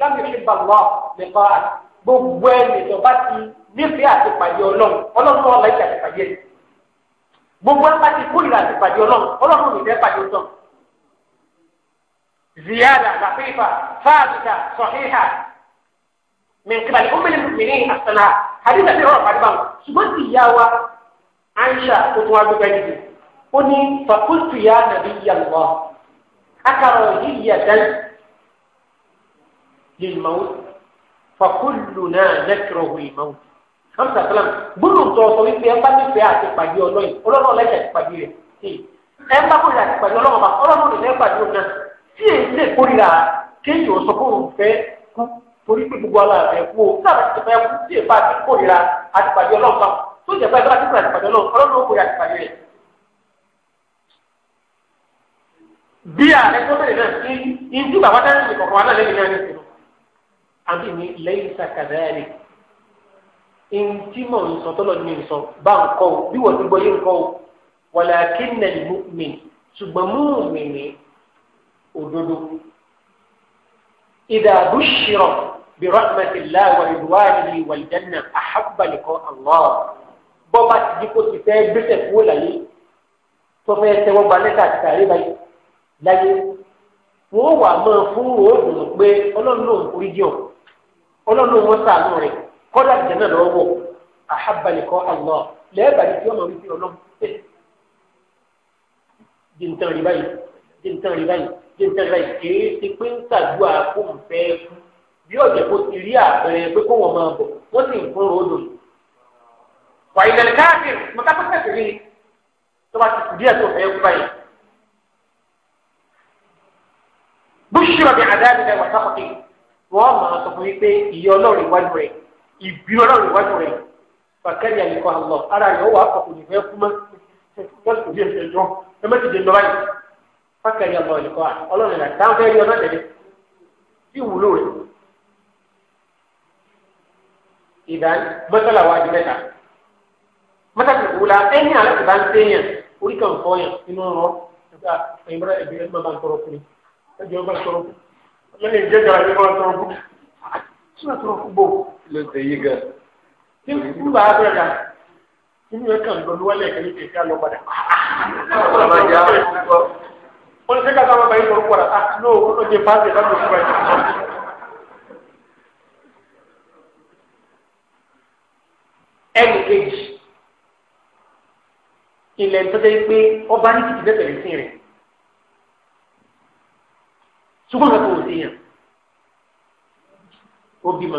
làmì òṣìṣà allah nìkọ́ à gbogbo ẹ̀ nìjọba ti nífẹ̀ẹ́ àti pàdé ọlọ́run ọlọ́run náà gbogbo apáti kórìíra àti pàdé ọlọ́run ọlọ́run ní ìdẹ́ pàdé ọtọ́ ziyada lafifa fáàbìtà sọ̀híhà mẹ̀kìbàlì ọmọlẹ̀ mìíràn àtàlà àdìsá ti rọrùn pàdé báwọn ṣùgbọ́n ti yá wa àyíṣà tó tún wá gbé bẹ́ẹ̀ dìde ó ní fàkúntù yá akara yìí yà dán lè mọ̀ fàkúlù náà nẹ́kìrọ̀ hamsa salam gbọ́dọ̀ tọ sọ wípé ẹ bá nífẹ̀ẹ́ àti pàdé ọlọyìn ọlọ́run lẹsẹ àti pàdé rẹ ẹ bá kórìíra àti pàdé ọlọ́run bá ọlọ́run lè lẹ pàdé òun náà tí èyí lè kórìíra kéèyàn sọ fún òun fẹ́ kú torí pé gbogbo ala rẹ kú o sábà ti fẹ́ kú tí èyí bá ti kórìíra àti pàdé ọlọ́run bá tó jẹ pé ẹ bá ti kórìíra àti pàdé ọlọ́run ọlọ́run kórìíra àti pàdé rẹ. bí ààrẹ tó bẹ̀rẹ̀ náà ní ìdí bàbá dáná ní kọ̀ọ̀kan wa náà lẹ́yìn náà ní ìsinmi àbí ní lẹ́yìn sàkàdáyà ntí mọ̀ nsọ tọ́lọ̀ ní nsọ bá nkọ́ o bí wọ́n ti gbọ́ yé nkọ́ o walakinna al-mu'min ṣùgbọ́n mu'min ní òdodo. idha bushira bi rahmatillahi wa ridwanihi wal janna ahabba liqa Allah bọ́ba ti di kó ti fẹ́ gbèsè kúrò láyé tó fẹ́ tẹ́wọ́ gba lẹ́tà àti tàrí báyìí láyé wọ́n wà máa fún òògùn pé ọlọ́run ló ń orí jẹun ọlọ́run ló ń wọ́n sàánú rẹ̀ kọ́dà ìjẹ́nà lọ́wọ́ wọ̀ àhábàlẹ̀kọ́ Allah lẹ́ẹ̀bàdì tí wọ́n máa wípé ọlọ́run pé jìntàn rí báyìí jìntàn rí báyìí jìntàn rí báyìí kìí ṣe pé ń tàdúrà kó ń fẹ́ kú bí ọ̀jẹ̀ kó ti rí àpẹẹrẹ pé kó wọ́n máa bọ̀ wọ́n sì ń fún ròdò wà ìlànà káàkiri mọ̀tàkùnkẹ́ sí rí tó bá ti kù díẹ̀ tó fẹ́ kú ìbírọ̀ náà ní wájú rẹ̀ bàkẹ́rì àyíkọ́ àlọ́ ara rẹ̀ ó wà á kọ̀ ní fẹ́ kúmọ́ wọ́n sì bí ẹ̀jẹ̀ jọ ẹ má ti dé lọ báyìí bàkẹ́rì àlọ́ àyíkọ́ ọlọ́run ìlà táwọn fẹ́ rí ọ náà tẹ̀lé sí ìwúlò rẹ̀ ìdá mọ́tàlá wa di mẹ́ta mọ́tàlá ìwúlá ẹni àlọ́ ìbá ń sẹ́yìn orí kan fọ́ yàn inú rọ ẹ̀yìn bá ló ṣe yí gan. ṣé n bá a bẹ̀rẹ̀ nínú ẹ̀ kàn lọ níwájú ẹ̀kẹ́ ní kẹ̀kẹ́ lọ padà. wọ́n ní sẹ́kà sábà báyìí lọ́rùkọ̀ rà ah, o ló ó jẹ fáṣẹ̀ láti òkú rẹ̀. ẹnì kejì ilẹ̀ tó dé pé ọba ní kìkì bẹ́ẹ̀ bẹ̀rẹ̀ sí yàn ó bímọ.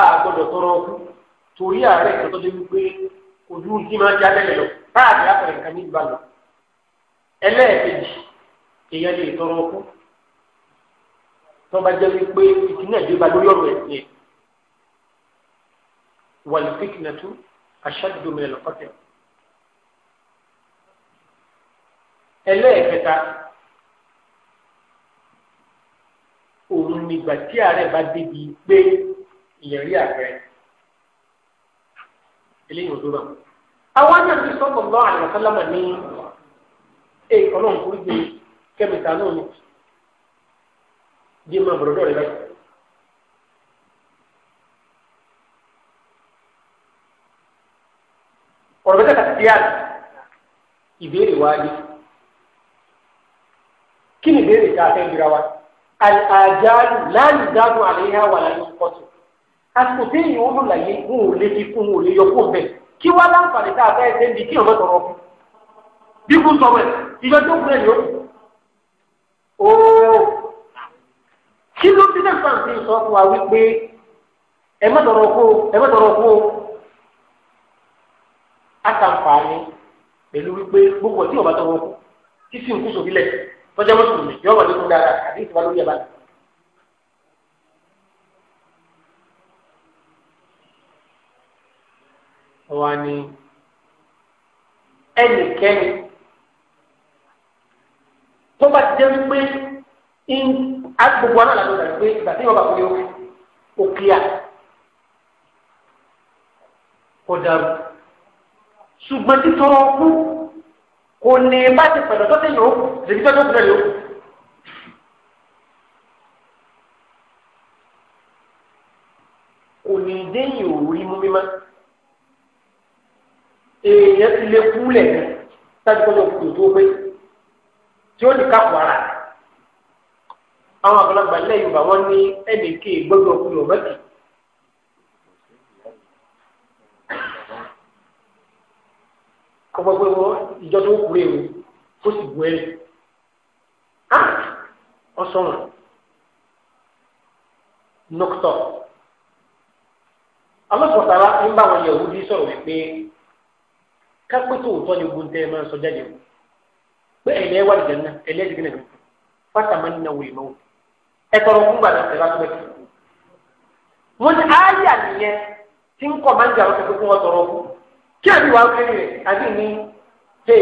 a gbọ́dọ̀ tọrọ ọkú torí àárẹ̀ kan tó dé wípé ojú tí máa já lẹ́lẹ̀ lọ káàdì àpẹẹrẹ nǹkan ní ìbálò ẹlẹ́ẹ̀kejì èèyàn lè tọrọ ọkú tó bá jẹ́ wípé ìtìlẹ̀ ìjọba lórí ọ̀rọ̀ ẹ̀sìn ẹ̀ wàlùfíkìnàtú aṣáájúdomínà lọ́kọ́tẹ̀. ẹlẹ́ẹ̀kẹta òun nígbà tí ààrẹ bá débi pé ìyẹn rí àpẹẹrẹ eléyìí òdúrà àwọn àjàǹdí sọ́kọ̀ lọ́ àlùfáàlámà ní èyí ọlọ́run kúrú gbé kẹ́míkà náà ní bí máa bọ̀rọ̀ dọ̀rẹ́ báyìí. ọ̀rọ̀ bẹ́tẹ̀ kàtàkì yára ìbéèrè wáyé kí ni ìbéèrè tá a fẹ́ gbéra wa àjálù láàyè dáhùn àléhà wà láyé ń pọ̀tù àsìkò tí èèyàn ń lò láyé ń ò lè fi kún un ò lè yọ kún un bẹ́ẹ̀ kí wá láǹfààní tá a fẹ́ ṣe ń di kí ọ̀rọ̀ tọrọ fún bí kú sọ wẹ̀ ìjọ tó kún ẹ̀yọ́ ooo kí ló ti dẹ́ fún àǹfààní sọ fún wa wípé ẹ má tọrọ kó ẹ má tọrọ kó àtàǹfààní pẹ̀lú wípé gbogbo tí ọba tọrọ kó kí sì ń kú sóbi lẹ̀ tọ́jà mọ́tò mi yọ wá ní ẹnikẹ́ni tó bá ti jẹ́ pé agbègbè ọ̀nà làwọn ọ̀dà pé ìgbà tí wọ́n bá wọlé òkè à kò dàrú ṣùgbọ́n títọrọ ọkú kò ní bá ti pẹ̀lú tó tẹ̀yìn òkú lèbi tó tó tẹ̀lé òkú. kò ní déyìn òwúrí mú mímá èèyàn ti lè kú lẹ̀ ní sáájú kọjọ kùtù tó pé tí ó ní kápò ara rẹ̀ àwọn àgbàlagbà ilẹ̀ Yorùbá wọn ní ẹnìké gbọ́dọ̀ kú lọ mẹ́kì. kọ́kọ́ pé ìjọ tó kú rèé o kó sì bu ẹ̀rí ọ̀sọ̀rọ̀ nọ́kítọ̀ alọ́sọ̀tara ń bá wọn Yahudi sọ̀rọ̀ wípé kápẹ́ tó tọ́ ni gbọ́n tẹ́ ẹ máa sọ jáde o pé ẹ̀lẹ́ wà lìjẹ́ náà ẹ̀lẹ́ ti gbìnà fata máa ń na wòlé mọ́ ẹ tọrọ fún gbàdá ẹ bá tó bẹ tó wọn ni ayé àníyẹn tí ń kọ́ máa ń jà wọn tó fún wọn tọrọ fún kí àbí wàá fẹ́ rẹ̀ àbí ní ṣe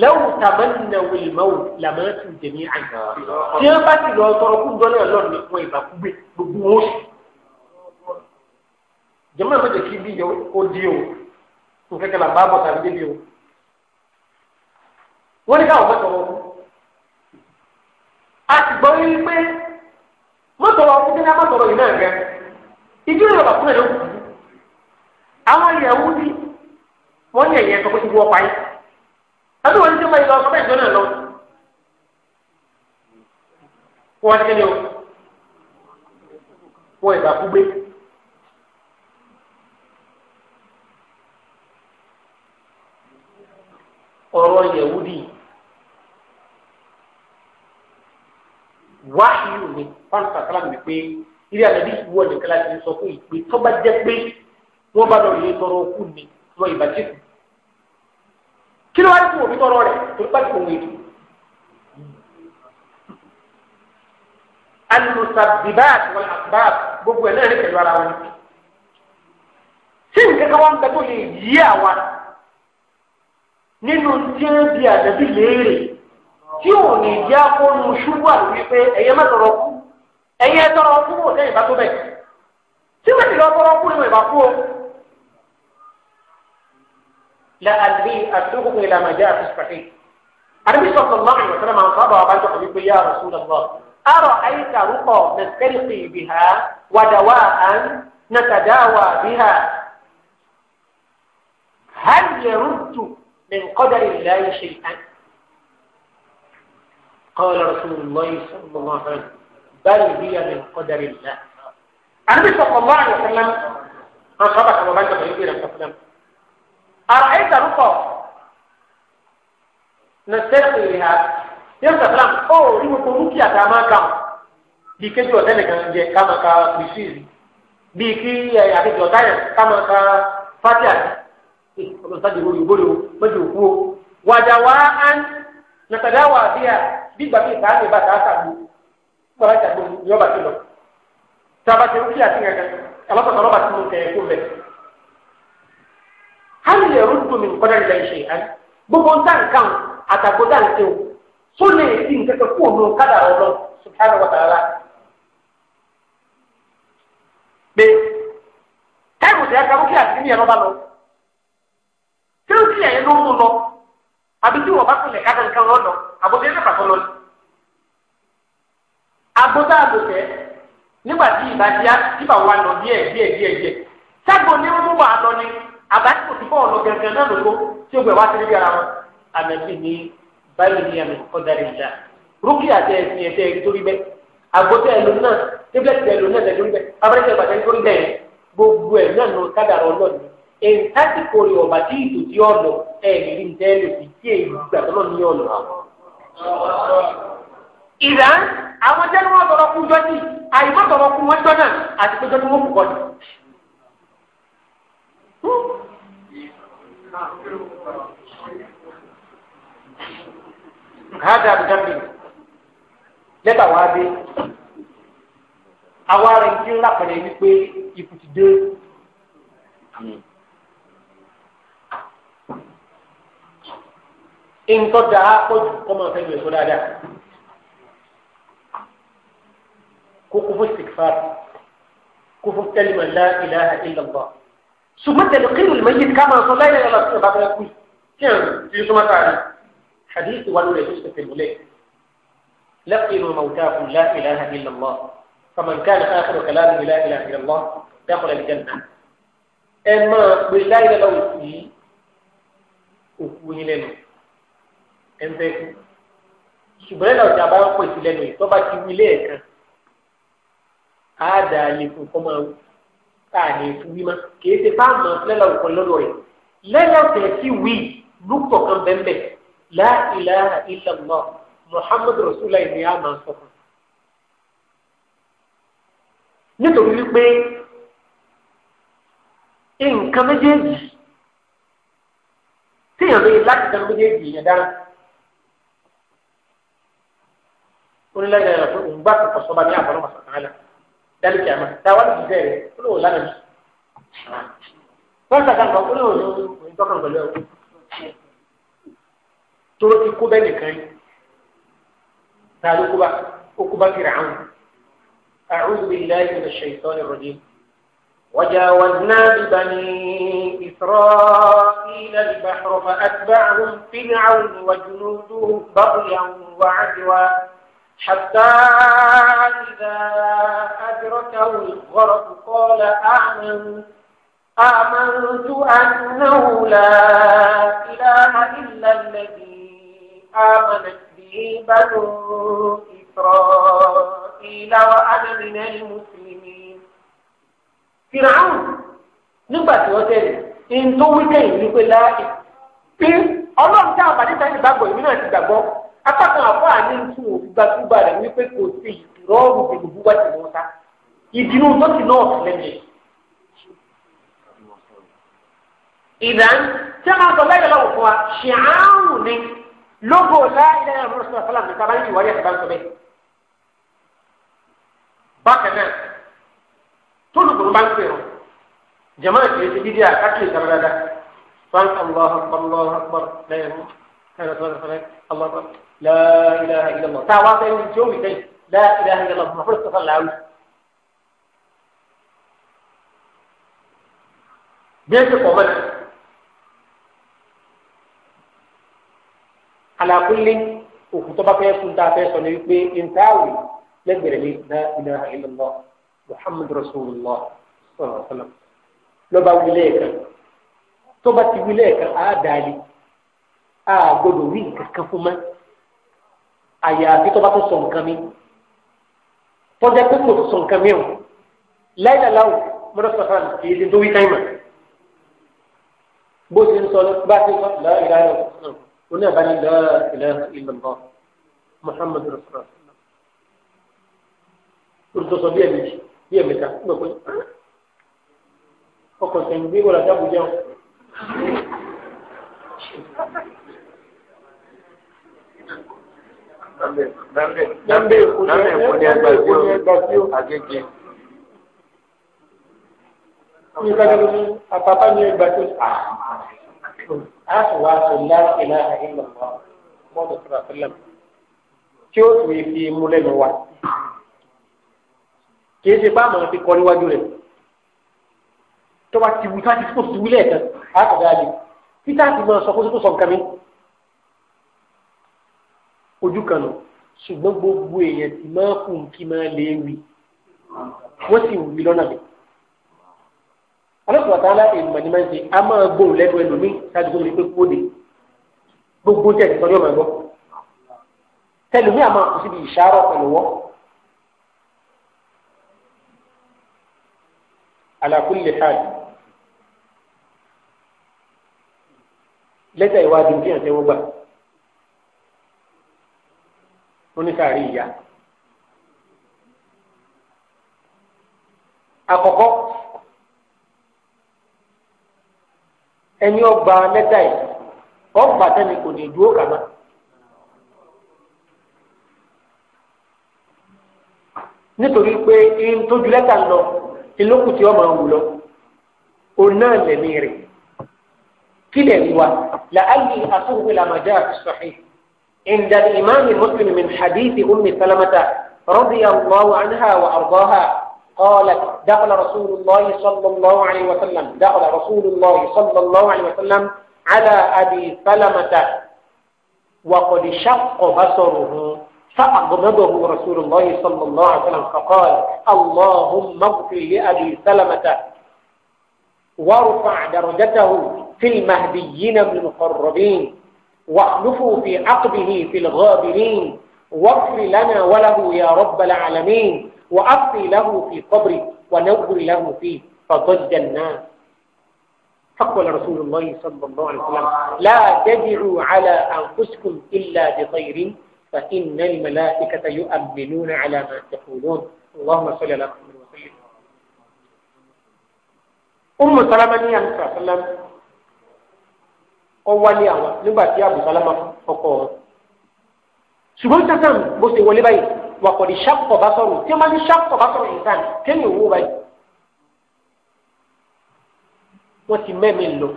lẹ́wù tàmánà wòlé mọ́ làmọ́ tù jẹ̀mí àyè tí wọ́n bá ti lọ tọrọ fún dọ́là lọ́nà ní fún ìbá gbé gbogbo wọn jẹ́mọ́ àmọ́ nǹkan kan làbá bọ̀ tàbí débi o wọ́n ní káwọn mọ́tò wọn a ti gbọ́ yín pé mọ́tò wọn fún kíkà mọ́tò wọn yìí náà gẹ́ ìdí ìrọ̀lá fún ẹ̀rọ kù àwọn ìyàwó ni wọ́n ní ẹ̀yẹ ẹ̀kọ́ tó wọ́ pa yín wọ́n ní sọ́mọ́ yìí lọ sọ́mọ́ ìjọ náà lọ wọ́n ti kí o wọ́n ìgbà kú pé ilé àgbẹ̀bí ìwọ nìkan láti sọ fún ìpè tó bá jẹ́ pé wọ́n bá lọ lè tọrọ kú ni lọ ìbàjẹ́ kù kí ló wá ní kí wọ́n fi tọrọ rẹ̀ tó bá ti kòwé tù. alusabibat wal asbab gbogbo ẹ̀ náà ní pẹ̀lú ara wọn. sí nǹkan wọn bẹ tó lè yí àwa nínú tí ó àdàbí léèrè tí ò ní yá ṣubú àlùwí pé mẹ́tọ̀rọ̀ kú. ẹ̀yin ẹ tọrọ fún wò sẹ́yìn bá tó bẹ̀ tí wọ́n ti lọ tọrọ fún ìwọ̀n ìbá fún o. la àlùbí àdúgbò kò ìlànà jẹ́ àtúnṣe àdúgbò sọ̀tọ̀ lọ́rùn ìwọ̀sán máa ń sábà wà bá jọ̀kọ̀ wípé yá Rasulullah أرى أيك رقى نسترقي بها ودواء نتداوى بها هل يرد من قدر الله شيئا قال رسول الله صلى الله عليه وسلم bal hiya min qadarillah. Nabi sallallahu alaihi wasallam sahabat sama baca Nabi sallallahu Araita rupa lihat dia sallam oh ini mutu ada makam di kejo ada dengan je kama ka di ki ya ya ke jota kama ka fatia ih kalau tadi bulu bulu wajawaan dia di bagi tani bahasa bàbá ìjàgbó yọ bàtí lọ tàbá tẹ rúkìá sí gàgà àbátọ̀tọ̀ rọ́bà tí mo kẹ̀ ẹ́ kó lẹ̀. hali lè rúdùn mi nǹkan dàrí lẹ́yìn ṣe hàn gbogbo ń tàn kàn àtàgbó tàn ṣe o tó lè fi nǹkan kan kú òun kádà ọlọ subhanahu wa ta'ala. pé táìmù tẹ̀ ẹ́ ka rúkìá sí ní ẹ̀rọ bá lọ tí rúkìá yẹn ló ń mú lọ àbí tí wọ́n bá tún lè kádà nǹkan lọ́dọ̀ àbọ̀dé ẹ̀ agbóta àgùntẹ nígbà tí ìgbà tí ìbà wà lọ díẹ̀ díẹ̀ díẹ̀ díẹ̀ sábò ní wọn wà lọ ni àbájú kò tí bọ́ọ̀lù gẹ́gẹ́ náà lóko tí ó gbẹ wá sí níbi ara wọn àmẹ́bí ní báyìí ní àmì ọ̀dàrí ìjà rúkì àti ẹ̀sìn ẹ̀sẹ̀ ẹ̀rí torí bẹ́ẹ̀ àgbóta ẹ̀lò náà tẹ́bílẹ̀tì ẹ̀lò náà tẹ̀lé bẹ́ẹ̀ abẹ́rẹ́sẹ̀ ìbàdàn torí bẹ́ẹ̀ gbogbo ẹ̀ náà nù kádàrọ̀ ọlọ́ọ̀ni ẹ̀ńtàtì kórè ọ̀bà tí ìtò tí ọ̀nà ẹ̀rí ń tẹ́lẹ̀ sí tí èyí gbàtọ́ náà ní ọ̀nà àwọn. ìdá àwọn jẹ́ ni wọ́n tọrọ kú jọ́sí àyùmọ́ tọrọ kú wọ́n jọ́nà àti pé jọ́sí wọ́n kú kọ́ni. hada abudulayi lẹ́tà wá dé àwa rẹ̀ ń dín lápẹ̀lẹ̀ wípé ikú ti dé. Ntọ́ da akpọ̀jù kọ́mọ̀ fẹ́ gbèsò dáadáa. كفو استكفار كفر كلمة لا إله إلا الله ثم تلقين الميت كما صلى الله عليه وسلم بعد كم في ثم تعالى حديث ولو في الملك لقنوا موتاكم لا إله إلا الله فمن كان آخر كلامه لا إله إلا الله دخل الجنة أما بالله إلا لو يسكي òkúni لنا أنت kú ṣùgbọ́n ẹ̀la ọ̀jà bá ń pèsè lẹ́nu àádà àlekù kọ́ máa wù káàní ètò wí ma kìí ṣe fáàmù lẹ́la òkan lọ́dọ̀ rẹ̀ lẹ́la tẹ̀sí wí lùkọ̀ kan bẹ́ẹ̀ la ilaha illallah muhammadu rasulillah ni a máa sọ fún. nítorí wípé nǹkan méjèèjì tíyàn lóye láti kan méjèèjì yẹn dára onílẹ̀ yẹn lọ fún òun gbà tó kọ̀ sọ́ba ní àbọ̀rọ̀ màsàkàlà. ذلك يا تاول جاي كله لا مش فانت كان بقول له انت كان بقول له تركي كوبا نكاي تعالوا كوبا وكوبا فرعون أعوذ بالله من الشيطان الرجيم وجاوزنا ببني إسرائيل البحر فأتبعهم فرعون وجنوده بغيا وعدوا حتى إذا أدركه الغرق قال آمنت آمنت أنه لا إله إلا الذي آمنت به بنو إسرائيل وأنا من المسلمين فرعون nígbà tí wọ́n tẹ̀lé ní tó wí kẹ́yìn ní pé láàyè pé ọlọ́run tá apákan àfọ àní ntú òfúgbàtúgbà rẹ wípé kò sí ìrọrùn gbogbo wá ti wọn ta ìdínú tó ti náà tẹlẹ mi. ìdán tí a máa sọ bẹ́ẹ̀ lọ́wọ́ fún wa ṣìáàrùn ni lógo láìlẹ́ ẹ̀rọ sọ̀rọ̀ sọ́lá mi sábà ń yíwáyé àti bá ń sọ bẹ́ẹ̀. bákan náà tó lùkùnrin bá ń pè ọ́ jẹ̀mọ́ ìpèsè dídí àkákì ìsàmì dáadáa. sọ́ńtà allah akbar allah akbar lẹ́yìn mọ́. هذا تبارك الله الله أكبر لا إله إلا الله تعوض من جوم كي لا إله إلا الله مفروض تصلى عليه بيت قومت على كل وكتب في كنت في صنيف إنتاوي لقبل لي لا إله إلا الله محمد رسول الله صلى الله عليه وسلم لو باولي باوليك تبتي وليك آدالي آه، a gbọ́dọ̀ wí nǹkan kan fún mọ́ àyàfi tó bá tó sọ nǹkan mi tọ́jà pé kò sọ nǹkan mi o láìláláwò mọ́tò sọ̀rọ̀ kì í ṣe tó wí káyìmọ̀ bó ṣe ń sọ bá ṣe sọ lọ́ọ́ ìlà rẹ̀ oní àbáni lọ́ọ́ ìlà ìlọ́mọ́ muhammadu rasulullah olùtọ́sọ bí ẹ̀mí bí ẹ̀mí ta gbọ́dọ̀ pé ọkọ̀ sẹ̀yìn gbé wọlé àti àbújá o. nàmbé èkó ní ẹgbà sí o àgègè. ní ìgbàgbọ́ mi àpapá ní ẹgbà sí o. a sì wá sọ láìpẹ́lá àìlọ́ wa mọ́tò sọ̀rọ̀ àfẹ́lẹ́ mi tí ó tún fi mú lẹ́nu wa kì í ṣe pé ti kọ́ níwájú rẹ̀ tó ti wù tá ti kó sùúrù lẹ́ẹ̀kan á kọ̀ dáadé títà ti máa sọ tó sọ nǹkan mi ojú kan lọ ṣùgbọ́n gbogbo èèyàn ti máa kù kí máa lè wí wọ́n sì wí lọ́nà mi. alọ́sọ̀rọ̀ tààlà èèmọ̀ ni máa ń ṣe a máa gbóhùn lẹ́nu ẹlòmíì ṣáájú tó ní pé kó dé gbogbo tẹ̀ ní sọ́jọ́ máa gbọ́. tẹlumi a máa kù pẹ̀lú wọ́. ala kulli hal lẹ́tà ìwádìí ní ìyànjẹ́ gbà oníkàrí ìyá. àkọ́kọ́ ẹni ọgbà lẹ́tà yìí ọgbà tẹ́ni kò ní dúró kàmá. nítorí pé ihun tójú lẹ́tà ń lọ ìlókù tí ọmọ wù lọ òun náà lẹ̀mí rẹ̀ kí lẹ̀mí wa làálì àtúwò làmàjá àti sọ̀hìn. عند الإمام مسلم من حديث أم سلمة رضي الله عنها وأرضاها قالت دخل رسول الله صلى الله عليه وسلم دخل رسول الله صلى الله عليه وسلم على أبي سلمة وقد شق بصره فأغمضه رسول الله صلى الله عليه وسلم فقال اللهم اغفر لأبي سلمة وارفع درجته في المهديين المقربين واخلفوا في عقبه في الغابرين واغفر لنا وله يا رب العالمين وأبقي له في قبره ونور له فيه فضج الناس فقال رسول الله صلى الله عليه وسلم لا تدعوا على أنفسكم إلا بخير فإن الملائكة يؤمنون على ما تقولون اللهم صل على محمد وسلم أم سلمة صلى الله عليه وسلم ọ wálé àwọn nígbà tí àbùsálámà ọkọ wọn. ṣùgbọ́n sátán bó ṣe wọlé báyìí wà kọ̀ di ṣàkọ̀ bá sọ̀rọ̀ tí wọ́n bá ní ṣàkọ̀ bá sọ̀rọ̀ ìsàn kéèyàn owó báyìí. wọ́n ti mẹ́mi lọ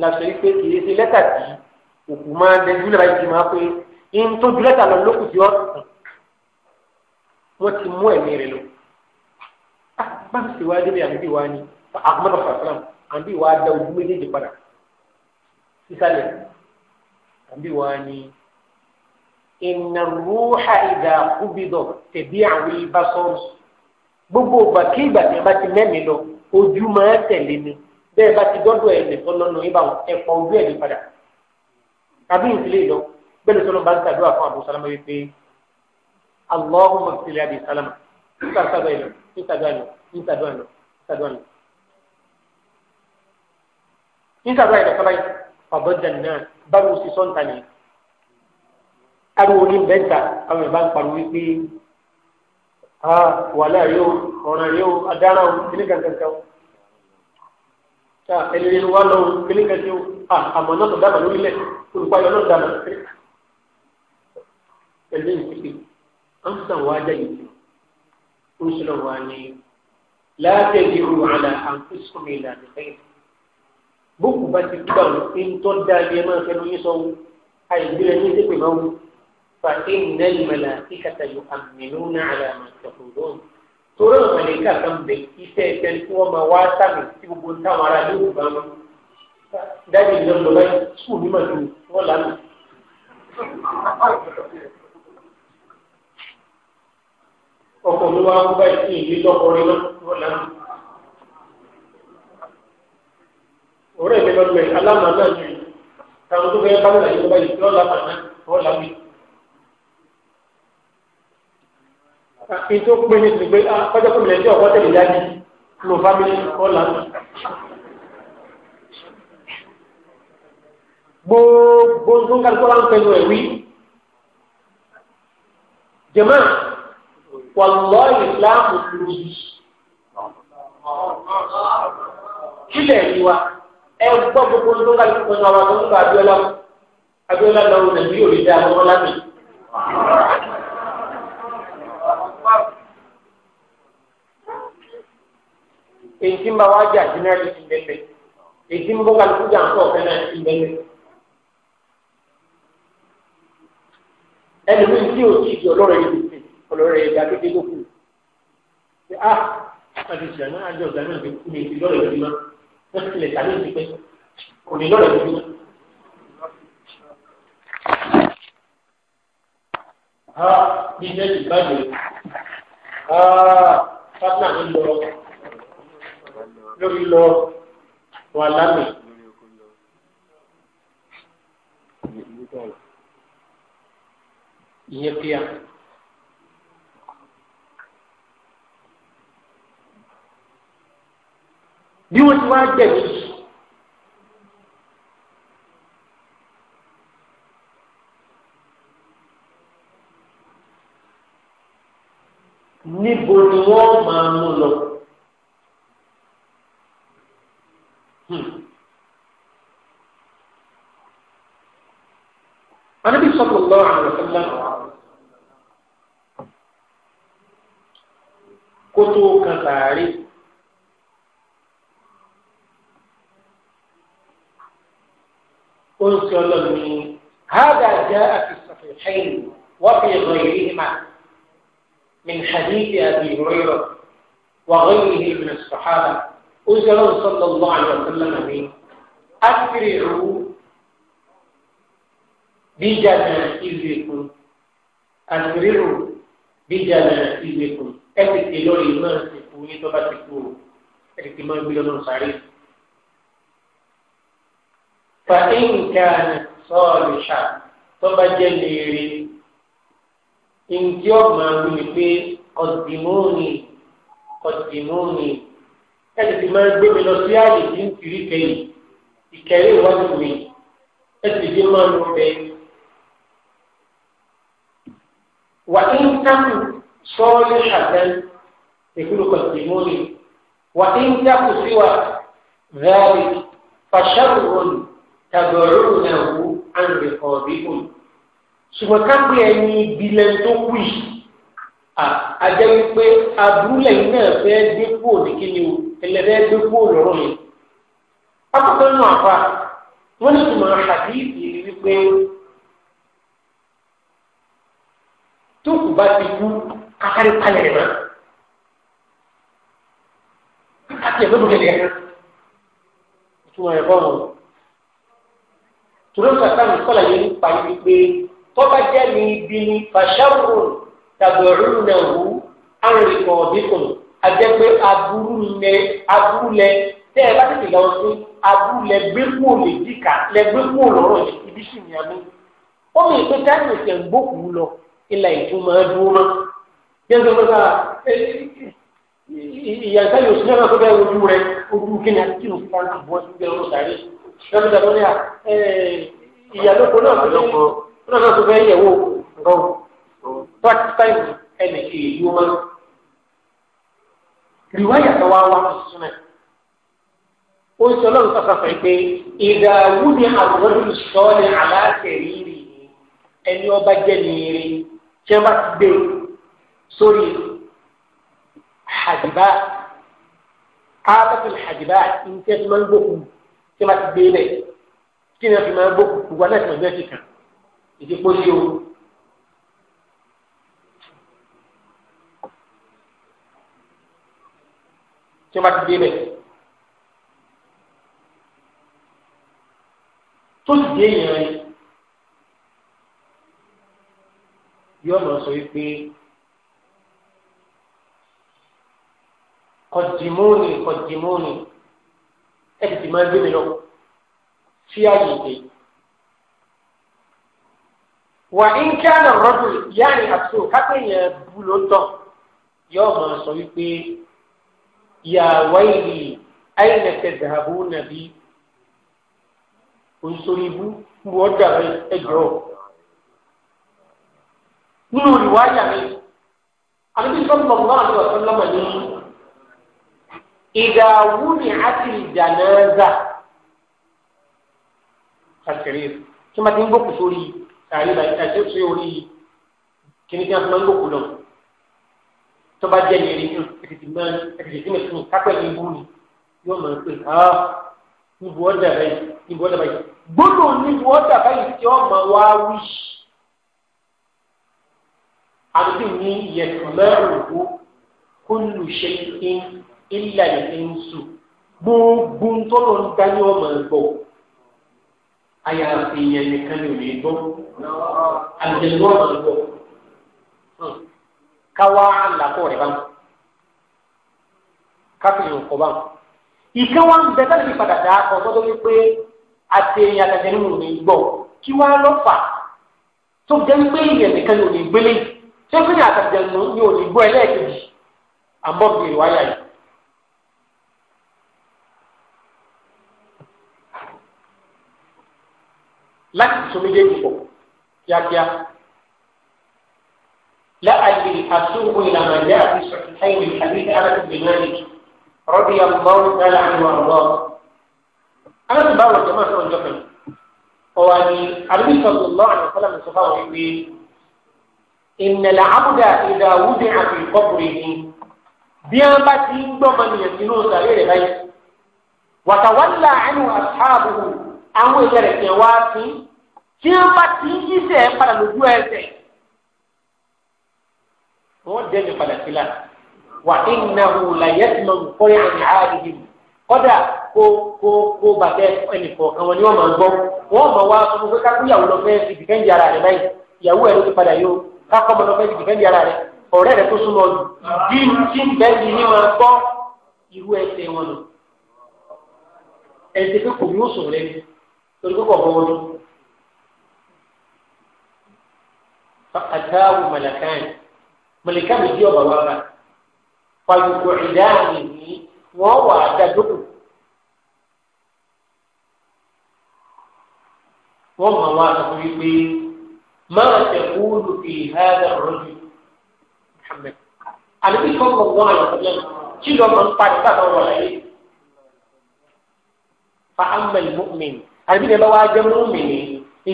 làṣẹ yìí pé kìí ṣe lẹ́tà tí òkú máa ń dẹjú lẹ́bàá ìdí máa pé ń tójú lẹ́tà lọ lókùn tí wọ́n ti mú ẹ̀mí rẹ̀ lọ. Ah, bá a ṣe wá débi àbíbí wa ni àkùnmọ́ àbí wa da ojú méjèèjì padà sísàlẹ̀ àbí wàá ní ìnà rúhà ìdá kúbidọ̀ tẹ̀bí àwọn ibà sọ́ọ̀sì gbogbo ìgbà kí ìgbà tí a bá ti mẹ́mi lọ ojú máa tẹ̀lé mi bẹ́ẹ̀ bá ti dọ́dọ̀ ẹ̀ nìkan lọ́nà ìbá ẹ̀fọ́ ojú ẹ̀ ní padà tàbí ìdílé lọ bẹ́ẹ̀ ló sọ́nà bá ń tàdúrà fún àbúrò sálámà wípé Allahumma ìfìlẹ̀ àbí sálámà níta àná níta àná níta àná fàbọ́jà náà báwo sì sọ́ǹtà ni ariwo ní bẹ́ńtà àwọn ìbá ń pariwo wípé wàhálà yóò ọ̀ràn yóò adára o kíní kankan ta ẹlẹ́ni wa lọ kíní kankan o àmọ́ náà tó dábà lórílẹ̀ olùkọ́ ayọ̀ náà dábà ẹlẹ́ni kìkì an san wájà yìí ó ń sọ̀rọ̀ láti ẹ̀jẹ̀ àlà àǹfíṣkùnmí ìlànà ẹ̀yìn bókù bá ti kú báwọn ntọ́ dáadé ẹ máa fẹnu yín sọ́wọ́ àìgbélé ní sẹ́pẹ̀ máa wù fa iná ìmọ̀lá ìkàtà yóò àmìnú náà àlà àmàtàkùn lóhùn. torí àwọn mọ̀lẹ́kà kan bẹ̀ iṣẹ́ ẹ̀fẹ́ tí wọ́n máa wá sábẹ̀ tí gbogbo táwọn ará ló wù bá wọn. dájú ìlú ọ̀dọ́ báyìí sùkúù ní màdù wọn là lù. ọkọ̀ mi wá kú báyìí sí ìlú lọ́kọ̀ọ́rin náà wọ́n là lù. òwúrọ̀ ìfẹ́ bá gbẹ aláma náà ju àwọn tó fẹ́ bá náà yóò bá yìí lọ́la màná lọ́la wí. ètò pínlẹ ti gbé ah, kọjá fún mi lẹjọ ọkọ tẹlẹ yájú lọ fámìlì lọ́la wí. gbogbo tó ń kálukọ́ láǹpẹ́ lọ ẹ̀wí jẹ̀mọ́ wàlọ́ ìsìlámù lòdì kílẹ̀ yìí wa ẹ gbọ́ gbogbo tó ká lóko ní ọba tó ń gba Abíọ́lá Abíọ́lá lọ́wọ́ nàìjíríà ò lè dá ọmọ lámì. èyí ń bá wá jà sí náà ti bẹ̀rẹ̀ èyí ń bọ́ ká lóko jà ń sọ̀ fẹ́ náà ti bẹ̀rẹ̀. ẹlòmíì tí ò tí di ọlọ́rọ̀ yìí ti ọlọ́rọ̀ yìí dá kékeré lókun. ṣé a ah, àti ìṣẹ̀lẹ̀ náà àjọ ìgbà náà ti kú ní ìdílọ́rọ̀ yìí máa wọ́n ti lè sáré ti pé kò ní lọ́rọ̀ lójú. ha bí jẹ́jú báyìí ha pátánà mi lọ lórí lọ wà lámì. ìyẹn fi bí wọ́n ti wá gbẹ̀mí níbo ni wọ́n máa mú lọ. قلت هذا جاء في الصحيحين وفي غيرهما من حديث أبي هريرة وغيره من الصحابة أزل صلى الله عليه وسلم به أسرعوا بجنائزكم أسرعوا بجنائزكم أبت لوري ما سيكوني تبتكو أبت ما يقولون إيه؟ فإن كان صالحا فبجليري إن جوب ما في قدموني قدموني ẹni tí máa ń gbé mi lọ sí àyè tí ń kiri kẹyìn ìkẹyìn ìwádìí mi ẹsì tí máa ń bẹ. wà á ń dákun sọ́ọ́lì àtẹ ìkúrò kọ̀tìmọ́lì wà á ń dákun síwá rẹ́ẹ̀lì fàṣẹ́rù òní tàbọ̀rọ̀ làwù ànrẹ̀kọ̀ọ̀bíkùn ṣùgbọ́n kápẹ́ ẹni ìbílẹ̀ tó kù yìí àjẹ́ wípé abúlé náà fẹ́ dépò ní kíni o ẹlẹ́dẹ́ dépò lọ́rọ̀ yẹn. akọ́kọ́ nù àpá wọ́n ní ìmọ̀ àṣàkíyèsí wípé tó kù bá ti kú kákárí palẹ̀ rẹ̀ mọ́ kákárí ẹ̀ lọ́dún kẹ̀lẹ́ yẹn. ìtumọ̀ ẹ̀kọ́ wọn tòlóṣà sáà sọ̀rọ̀ yẹn nípa yìí pé tọ́ba jẹ́ ní ibi ní fàṣàwùrù tàbọ̀rù náà wù àwọn ìkọ̀ ọ̀dẹ́kùn àjẹpẹ́ aburú lẹ aburú lẹ tẹ́ ẹ bá tètè lọ sí aburú lẹ gbé kúò lè dìkà lẹ gbé kúò lọ́rọ̀ yìí ibi sì ní abẹ́. ó mi pé káàdì ìṣẹ̀ ń gbókùú lọ ilà ìtumọ̀ dúró yẹ́nso pé káà ìyàtọ̀ yóò sí náà tó bẹ́ẹ̀ ojú rẹ ojú kí ni àti kí ni ó fi ká náà bọ́ sí bẹ́ẹ̀ lọ́sàárẹ̀ lọ́dún tàbí ní ìyàlóko náà tó ní náà náà tó fẹ́ yẹ̀wò nǹkan tọ́tí táìmù ẹnì èyí ó máa rìwáyà tó wá wá sísun náà ó ń sọ lọ́run sàkàfẹ́ pé ìdààmú ni àwòrán sọ́ọ̀lì aláṣẹ̀rí rì ẹni ọba jẹ́ nìyẹrẹ tí wọ́n bá ti gbé sórí hàdìbá ábàtìl hàdìbá ìǹtẹ́tìmọ́ tí wọ́n ti gbé lẹ̀ kí ni wọ́n fi máa gbó gbogbo alẹ́ ìtàn ìbẹ́ẹ̀sì kan ìdíkpó sí o. tí wọ́n ti gbé lẹ̀ tó sì dé èèyàn rẹ̀ yóò lọ sọ wípé. قدموني قدموني ẹ tètè máa gbé mi lọ sí ààyè ìdè. wà ń kí àná rọ́dù ìyá ni àtò kápẹ́yìn bú ló ń tọ̀ yóò máa sọ wípé ya wáyìlì àyìnà tẹ̀sàbù nàbí òṣòrìbù wọ́n dàbí ẹjọ́ nínú ìwáyà mi àbí sọ́dún bọ̀ mọ́ àti ọ̀sán lọ́mọ yìí. إذا وضعت الجنازة السرير كما تنبق سوري تقريبا أشير سوري كما تنبق لهم tó bá jẹ́ ìrìn ní ètìtì máa ń ètìtì máa ń kápẹ́ ní ibú ni yóò máa ń pè á níbu ọ̀dà báyìí níbu ọ̀dà báyìí gbọ́dọ̀ níbu ọ̀dà báyìí tí ọmọ wa wí. àti ní ìyẹ̀kùn mẹ́rin òkú kó lù ṣe ń ilẹ̀ ìṣù gbogbo ntọ́lọ̀ ń dání ọmọ ẹ̀gbọ́ àyàfi ìyẹn nìkan ni ò lè gbọ́ àjẹ̀lú ọmọ ẹ̀gbọ́ hmm. káwá làkọ̀ rẹ̀ báwọn káfíìn ọkọ̀ báwọn ìkan wa ń bẹ bẹ́ẹ̀ ní padà dáa kan tọ́jú wípé àtẹ̀yìn àtẹ̀yìn ò lè gbọ́ kí wọ́n á tó jẹ́ pé ìyẹn nìkan ni ò gbélé tí fi ní àtẹ̀yìn ni ò lè gbọ́ ẹlẹ́ẹ̀kejì àbọ̀bì ìwáyà yìí. láti so méjèèjì pọ̀ kíákíá. لعلي أسوق إلى ما جاء في صحيحين من حديث أنس بن مالك رضي الله تعالى عنه وأرضاه. أنس باوى جماعة الجفن. وأني النبي صلى الله عليه وسلم سبحانه وتعالى إن العبد إذا وضع في قبره bí wọn bá ti ń gbọ́ ọmọnìyàn sínú sàlẹ̀ rẹ̀ báyìí wàtàwálà ẹnu àṣàbùhù àwọn ìṣẹ̀lẹ̀ tiẹ̀ wá sí tí wọ́n bá ti ń yíṣẹ́ padà lójú ẹsẹ̀ wọ́n dẹ́nu padà sílá wà ìnáwó làyẹ́sìmọ̀ kọ́rẹ́ ẹ̀mí àárín kọ́dà kó kó kó bàtẹ́ ẹnìkọ̀ọ̀kan wọn ni wọ́n máa ń gbọ́ wọ́n máa wá sọ pé kákú ìyàwó lọ fẹ́ fi dìkẹ́ ń yàrá rẹ̀ báyìí ìyàwó ẹ̀ ló ti padà yóò kákọ́ ọmọ lọ fẹ́ fi dìkẹ́ ń yàrá rẹ̀ ọ̀rẹ́ rẹ̀ tó súnmọ́ ọdún bí tí ń bẹ́ẹ̀ ni wọ́n gbọ́ irú ẹsẹ̀ wọn lò ẹsẹ̀ pé kò ní ó sòrò lẹ́nu torí pé kọ̀ọ̀kan wọn. fàkàtàwù màlàkàn màlàkàn mi jí ọ̀bà wàrà fàyùkù ìdáhùn yìí wọ́n wà á dá dókù. wọ́n mọ̀ wá sọ fún wípé máa tẹ̀kúlù fi hádà rọ́jù Muhammad. àbí kọ́kọ́ wọn àlọ́kọ́lẹ́ kí lọ́mọ ń parí bàbá wọn láyé. fa amẹ́ lùmọ́mìn àbílẹ̀ bá wá jẹ́ mú mi ní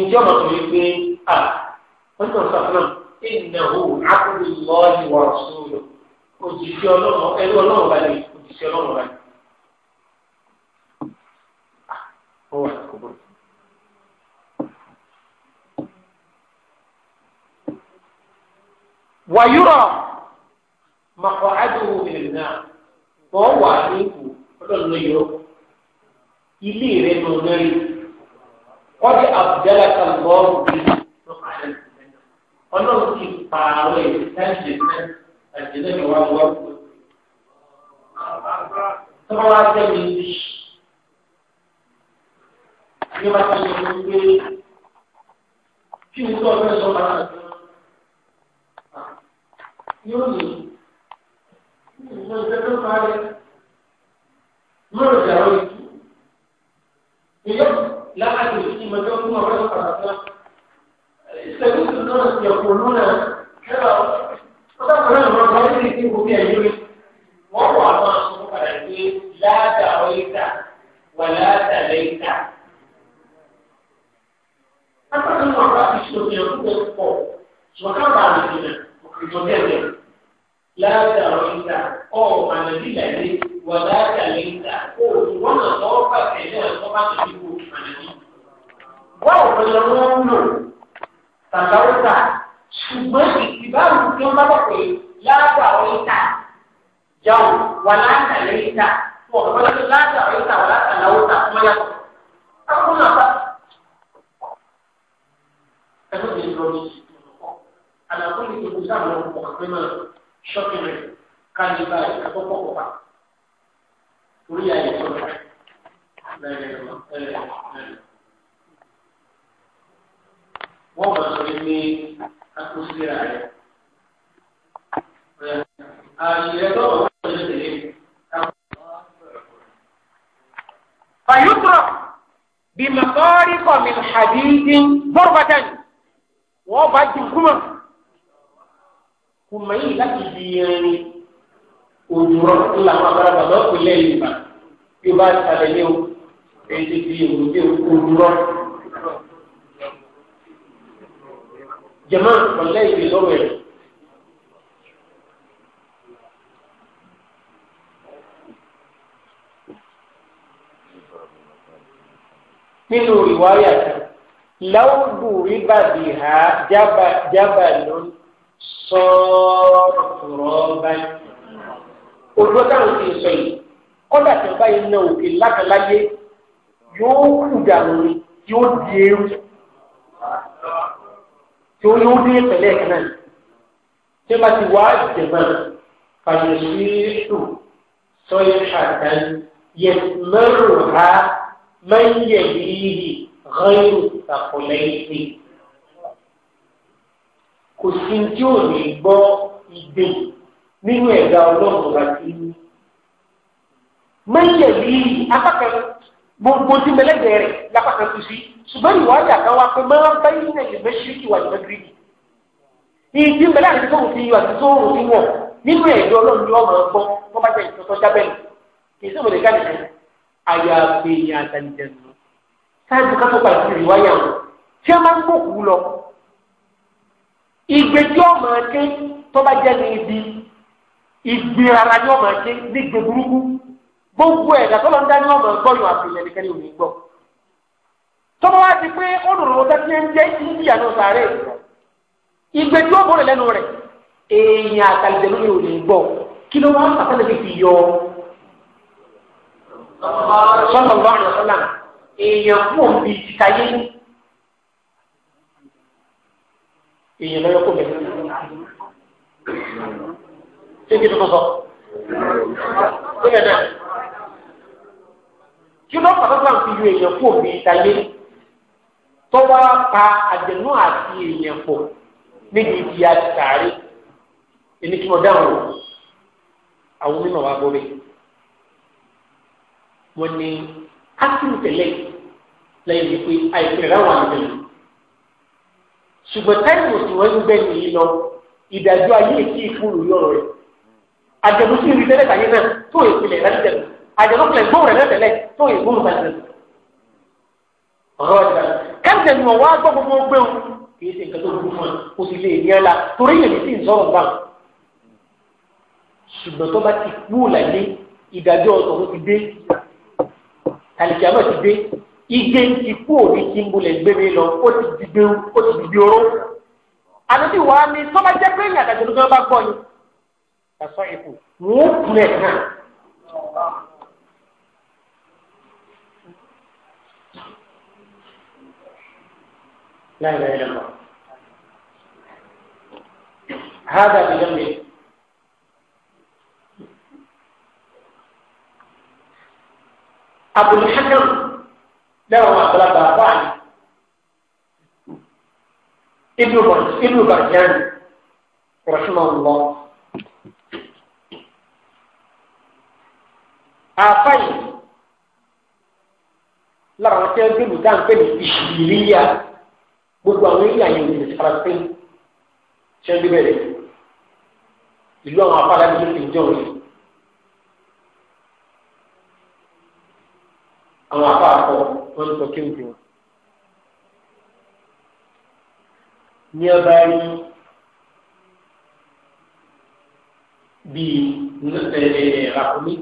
ǹjẹ́ ọmọ tó yẹ pé à wọ́n tó ń sọ fún un ìnáwó àkùnrinlọ́ ìwà sóòlù òjìṣẹ́ ọlọ́run ẹni ọlọ́run bá lè òjìṣẹ́ ọlọ́run bá lè. wàyúrọ̀ màkọ́ àdúgbò ìrìn náà wọ́n wà ní ipò ọlọ́run yọ ilé rẹ̀ nù náírà kọ́dí abudulayi kan lọ́ọ̀rù bí ọlọ́run ti pààrọ̀ èyí tẹ́ǹtì náà àjẹlẹ̀ ní wàá wọ́n kú. tọ́wọ́ wá jẹ́ mi ní ní wàá tẹ̀lé mi pé kí n tó ọdún ẹ̀sọ́ máa dùn yóò ní ìgbésẹ̀ tó parí mọ́rọ̀ ìyàwó ìtú. لا أحد يشتكي مكانكم ولا قرأتنا استجوز الناس يقولون كذا وذاك هذا ما يكتب فيها يقول وهو ما سوف لا تعويت ولا تليت أفضل المرأة تشتكي يقول سبحان الله وكتبه لا تعويت أو ما نزل عليه ولا تليت أو وانا سوف أتعلم سوف bọ́ọ̀lù tó lọ wọ́n ń lò tàbáwọ́tà ṣùgbọ́n ìbáwò tí wọ́n bá bọ̀ pé láàbọ̀ àwọn ìta jáwò wà láàkà lẹ́yìn ìta wọ́n kọ́ lọ́dún láàkà àwọn ìta wà láàkà láwọ́tà fún ọ̀yà. akókò náà bá ẹgbẹ́ mi lọ sí àlàkó ní ìlú sáwọn ọkọ̀ pẹ́ náà ṣọ́kì rẹ̀ ká báyìí ká tó orí ayẹyẹ tó wọ́n máa sọ pé akósíra rẹ̀ àṣìyẹ lọ́wọ́ ló ń tẹ̀lé fàyútọ̀ bí màkọ́rí kọ̀mí hadidin bọ́rọ̀bátà ni wọ́n bá ju kúmọ̀ kùmọ̀ yìí láti di irin òdùrọ̀ ńlá wọn abẹ́rẹ́ bàbá òkú lẹ́yìn ìgbà bí ó bá ṣàlẹ̀ ní o. èyí fi òwúrọ̀ òkú lọ. jama ọ̀lẹ́ ìbí lọ́rọ̀ ẹ̀. nínú ìwáyà láwùjọ ríbàbí ha jábà ló ń sọ̀rọ̀ báyìí. ojú ọ̀tá sọ yìí kọ́dà tó báyìí náà òkè lákàláyé yóò kú dànù ni yóò di eru tí ó yóò dé pẹ̀lẹ́ kan náà tí ó bá ti wá ìjẹ̀mọ́ fàyẹ̀síṣù sọ́yẹ́ ṣàtàn yẹ̀mẹ́rù ha mẹ́yẹ̀ yìí rẹ́rù àpọ̀lẹ́yìn kò sí tí ò ní gbọ́ ìgbé nínú ẹ̀dá ọlọ́run àti mẹ́yẹ̀ yìí apákan gbogbo tí mẹlẹgbẹ rẹ lápáta tó sí ṣùgbọ́n ìwádìí àkàwá pé máa ń bá yín náà lè mẹ́ṣíríkì wà lọ́dún rí ni ìdí mẹlẹ àti tó òfin àti tó òfin wọ̀ nínú ẹ̀dọ́ ọlọ́run ni ọmọ ọgbọ́n wọ́n bá jẹ́ ìtọ́tọ́ jábẹ́lì kì í sọ̀rọ̀ lè gáàdì kan àyàgbé yẹn àtàlìjẹ nù sáájú ká tó pàṣẹ ìwáyà wọn tí a máa ń gbòkú lọ ìgbẹ́jọ́ ọmọ akẹ́ tó bá jẹ́ ní ibi ìgbéra ni ọmọ akẹ́ ní gbẹ burúkú gbogbo ẹ̀dá tó lọ ń dání ọmọ ẹ̀gbọ́ yóò àfihàn nìkan ní òní gbọ́. tọ́mọ wá ti pé ó dùn lọ́wọ́ tẹ́tí ń jẹ́ ìdíyà náà sáré ìgbẹ́ tí ó bọ̀rẹ̀ lẹ́nu rẹ̀ èèyàn àtàlẹ́dẹ̀ ló ní òní gbọ́ kí ló máa ń pàtàkì fi yọ sọ́nà lọ́rùn sọ́nà èèyàn fún òun bíi tìtayé èèyàn lọ́yọ́ kò bẹ̀rẹ̀ ṣé kí ló tó sọ? kí ló fà fẹ́fẹ́ fi ju èèyàn kú òbí ìtayé tọ́wọ́ pa àjẹnú àti èèyàn pọ̀ níbi ìdí àtàrí ẹni tí mo dáhùn o àwọn mímọ̀ wá gbọ́ mi wọ́n ní kásìmù tẹ̀lé lẹ́yìn wípé àìsàn láwọn àjẹn ṣùgbọ́n táìmù tí wọ́n ń gbẹ́ nìyí lọ ìdájọ́ ayé èkí ìfúrú yọ̀rọ̀ rẹ̀ àjẹ̀mú sí ibi tẹ́lẹ̀ tàyé náà tó ìpìlẹ̀ láti tẹ̀lé àjọlọ́pọ̀ ẹ̀gbọ́n rẹ̀ lẹ́tẹ̀lẹ́ tó ìgbóhùn balẹ̀ ọ̀rọ̀ ọ̀dà kẹ́ńtẹ̀ ni wọ́n wá gbọ́ gbogbo gbẹ́hùn kì í ṣe nǹkan tó dúró fún ẹ kò sì lè ní ẹ la torí èmi sì ń sọ̀rọ̀ bá ṣùgbọ́n tó bá ti kú làlẹ́ ìdájọ́ ọ̀tọ̀ ti dé àlìkàmọ́ ti dé igé ti kú òní kí n bolẹ̀ gbé mi lọ ó ti di gbé ó ti di oró àdúgbò wa ni tó bá jẹ́ pé ní àdàjọ́ ló bá gbọ́ yìí kà sọ èkó wọ́n náà. لا إله إلا الله هذا بذنبه أبو الحكم له أغلب أربعة ابن ابن بركان رحمه الله àfáì lára wọn tẹ́ gbẹ̀lú dáńpẹ́ ní gbogbo àwọn èèyàn yẹn ìlú Palestine ṣe ń bẹ̀rẹ̀ ìlú àwọn afárá ní ìlú ìjọ rẹ̀ àwọn afá akọ wọn ń sọ kéwìdì wọn. ní ọba rí bíi ràkúnmí.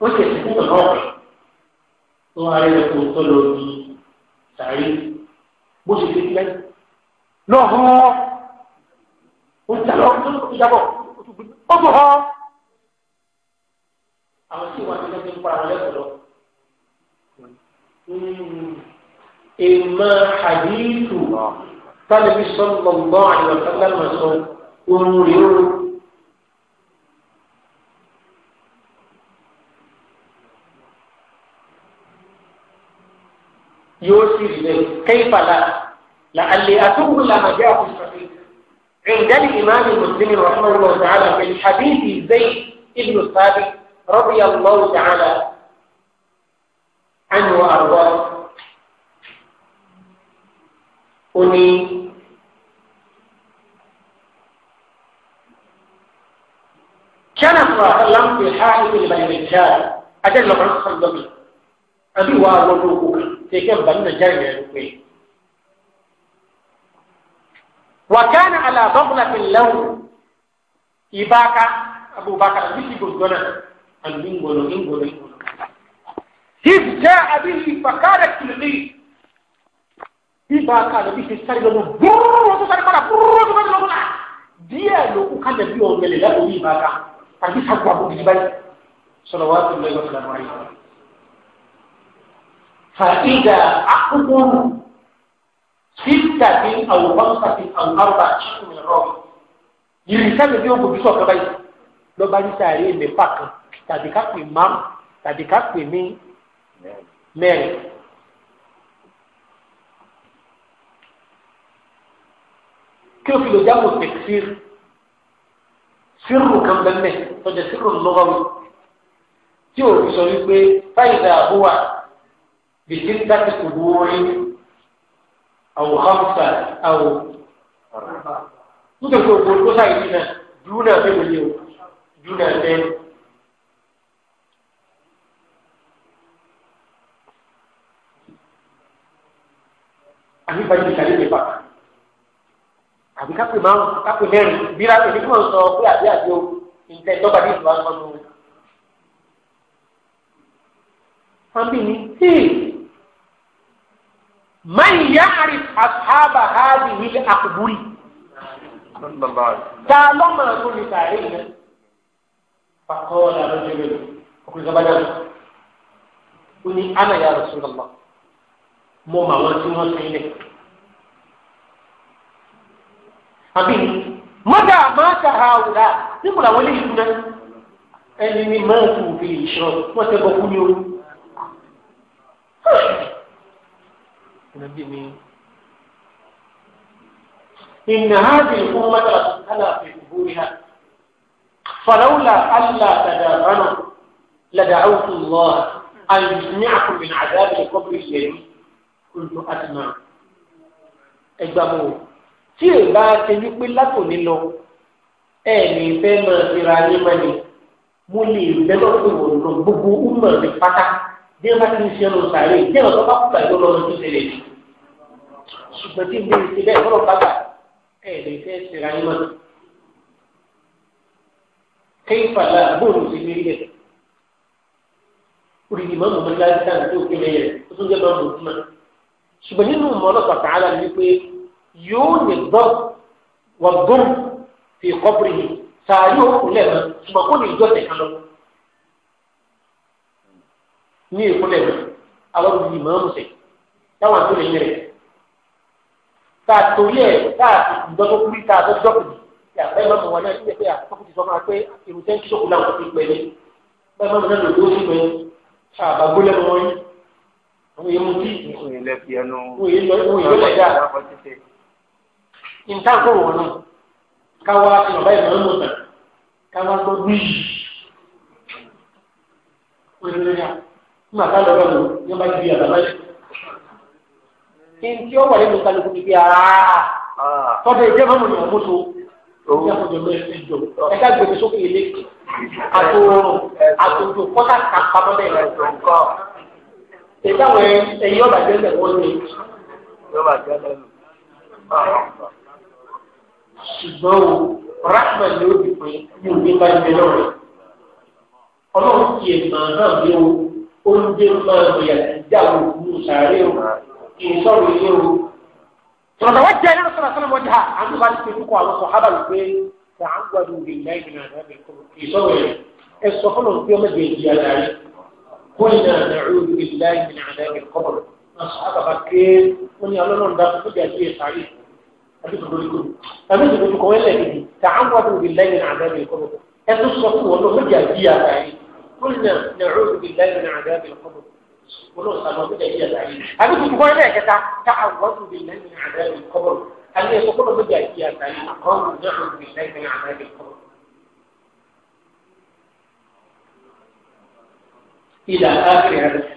wọ́n ṣe ìsìnkú náà tó ayé lẹ́kọ̀ọ́ tó lọ di sàárè bó ṣe fi lẹ́ lọ́ọ̀ hàn ó jà lọ tó tó jábọ̀ ó tó hàn. àwọn tí wọn ti lẹ́sẹ̀ ń para wọn lẹ́kọ̀ọ́ lọ. Hmm. Ìmọ̀ àdìsù tálẹ́bí sọ́nù lọ́gbọ́n àyọ̀kọ́ lẹ́nu ẹ̀sọ́ orun rèé o. yóò sì كيف لا لعلي أتوه لما جاءه àtúwò عند الإمام مسلم رحمه الله تعالى في حديث زيد بن ثابت رضي الله تعالى عنه وأرضاه أني كان الله لم في حائط الملك أجل الله صلى الله عليه وسلم أبي وأبوك keke banu najjar ne rufe wa kana ala baghlatin lahu ibaka abubakar bisi gudona an dingono dingono dingono إذ جاء به فكانت تلقيه bíbá ká lọ bí ṣe sáré lọ́nà búrúrú tó sáré padà búrúrú tó sáré lọ́nà díẹ̀ ló kú ká bí ọ̀gbẹ́lẹ̀ lábòrí ìbá ká tàbí sàgbà bó فإذا عقد ستة أو خمسة أو أربعة شيء من الرابع يرسل في يوم بسوء كبير لو بني ساري مفاق tàbí ká pè márùn tàbí ká pè ní mẹ́rin. kí o fi lè jáwé tẹ̀sír sírù kan bẹ́ẹ̀ tọ́jà sírù lọ́wọ́ بستة قبور أو خمسة أو nítorí òkú olùkọ́ sáyé ti náà dúró náà fẹ́ wọlé o dúró náà fẹ́. àbí bàjẹ́ ìsàlẹ̀ nípa àbí kápẹ́ máa ń kápẹ́ mẹ́rin bíra èmi tí mo sọ pé àbí àbí o nǹkan ìjọba ní ìtura sọ́nù. من يعرف أصحاب هذه الأقبول تعلم الله عليه وسلم فقال رجل أقول زبانا أني أنا يا رسول الله مما وانتم سيدك أبي متى مات هؤلاء نقول أولي شنا أنني ماتوا في الإشراك وتبقوني Nabi ni إن هذه الأمة تدخل في قبورها فلولا ألا تدافنوا لدعوت الله أن يسمعكم من عذاب القبر الشريف كنت أسمع إجابه tí ẹ bá ṣe wípé látòní lọ ẹ ní fẹ́ máa fira ní mọ́ni mo lè bẹ́ẹ̀ lọ́pọ̀ ìwòrán gbogbo ọmọ mi pátá bí wọn bá ti ń ṣe ló sàárè bí wọn tó bá kú pẹ̀lú lọ́nà tó ṣe lè ní. ṣùgbọ́n tí ìgbé ìṣe bẹ́ẹ̀ fọlọ́ bàbà ẹ̀ lè fẹ́ ṣera yín mọ́tò. kéyìn fàlà bóòlù sí ní ilé olùdí mọ́mọ́ mi láti dáná tó kéde yẹn tó tún jẹ́ mọ́mọ́ mi mọ́. ṣùgbọ́n nínú mọ́ ọlọ́pàá tààlà ni pé yóò lè gbọ́ wọ́n gbọ́n fi kọ́pìrì sàárè òkú lẹ́ẹ̀mọ́ ṣùgbọ́n kó lè jọ́ ní ìkúnlẹ̀ mi àwọn olùdí màmú sẹ̀ táwọn àti olè yẹrẹ tá a torí ẹ̀ tá a ti gbọ́ tó kúrí tá a tó dọ́kùnrin yàtọ̀ ẹ̀ mọ̀mọ́ wọn náà ní ẹgbẹ́ àtọ́kùn ti sọ máa pé èrò tẹ́ ń kí sókòó láwọn ti pẹ́ ní bẹ́ẹ̀ mọ̀mọ́ náà lòdó sí pé àbá gbólẹ̀ mọ́ yín àwọn èèyàn mú kí ìsìn ìlẹ̀ fi ẹnu òun yìí lọ́jà ìtàkùn nígbà tá lọ́rọ́ lò ní ọba ti di àbábá yìí. kí n tí ó wà nínú kálukú ti fi àá tọ́jú ìjẹ́ mọ́mọ́ ni wọ́n mú so. Oh. ẹ̀ka gbèsè sókè ilé àtòrò àtòjò kọ́tà kàpamọ́ bẹ́ẹ̀ lọ. ètò àwọn ẹ̀yìn ọ̀bà jẹ́ ẹ̀sẹ̀ wọ́n ní. ṣùgbọ́n o rahman ló ti pè é ní òbí bá ń bẹ lọ́rẹ̀ ọlọ́run ti ẹ̀ màá náà bí o. oúnjẹ máa ń yà ìjà òkú sàárè o kì í sọ̀rọ̀ ilé o. sọ̀rọ̀ wọ́n jẹ́ ẹ̀rọ sọ̀rọ̀ sọ̀rọ̀ wọ́n jẹ́ àánú bá ti fi kúkọ àwọn sọ̀ hábà wípé kà á ń gbádùn òbí ìlà ìgbìmọ̀ àná ẹ̀bẹ̀ kọ̀ kì í sọ̀rọ̀ ẹ̀ ẹ̀ sọ fọlọ̀ pé ọmọ ìgbà ìdí ara rẹ̀ kóyìnà nàrú ìlà ìgbìmọ̀ àná ẹ̀bẹ̀ kọ̀ náà sọ̀ hábà bá ké wọ́n ní ọlọ́run dá fún ìjà ìdí sàárè àdúgbò lórí kúrò àbí ìdòdò kọ̀ wọ́n lẹ̀ قلنا نعوذ بالله من عذاب القبر ونوصل وبدا الى عليه هذا كنت بقول لك تعوذ بالله من عذاب القبر هل يقول بدا الى العين قالوا نعوذ بالله من عذاب القبر الى اخر هذا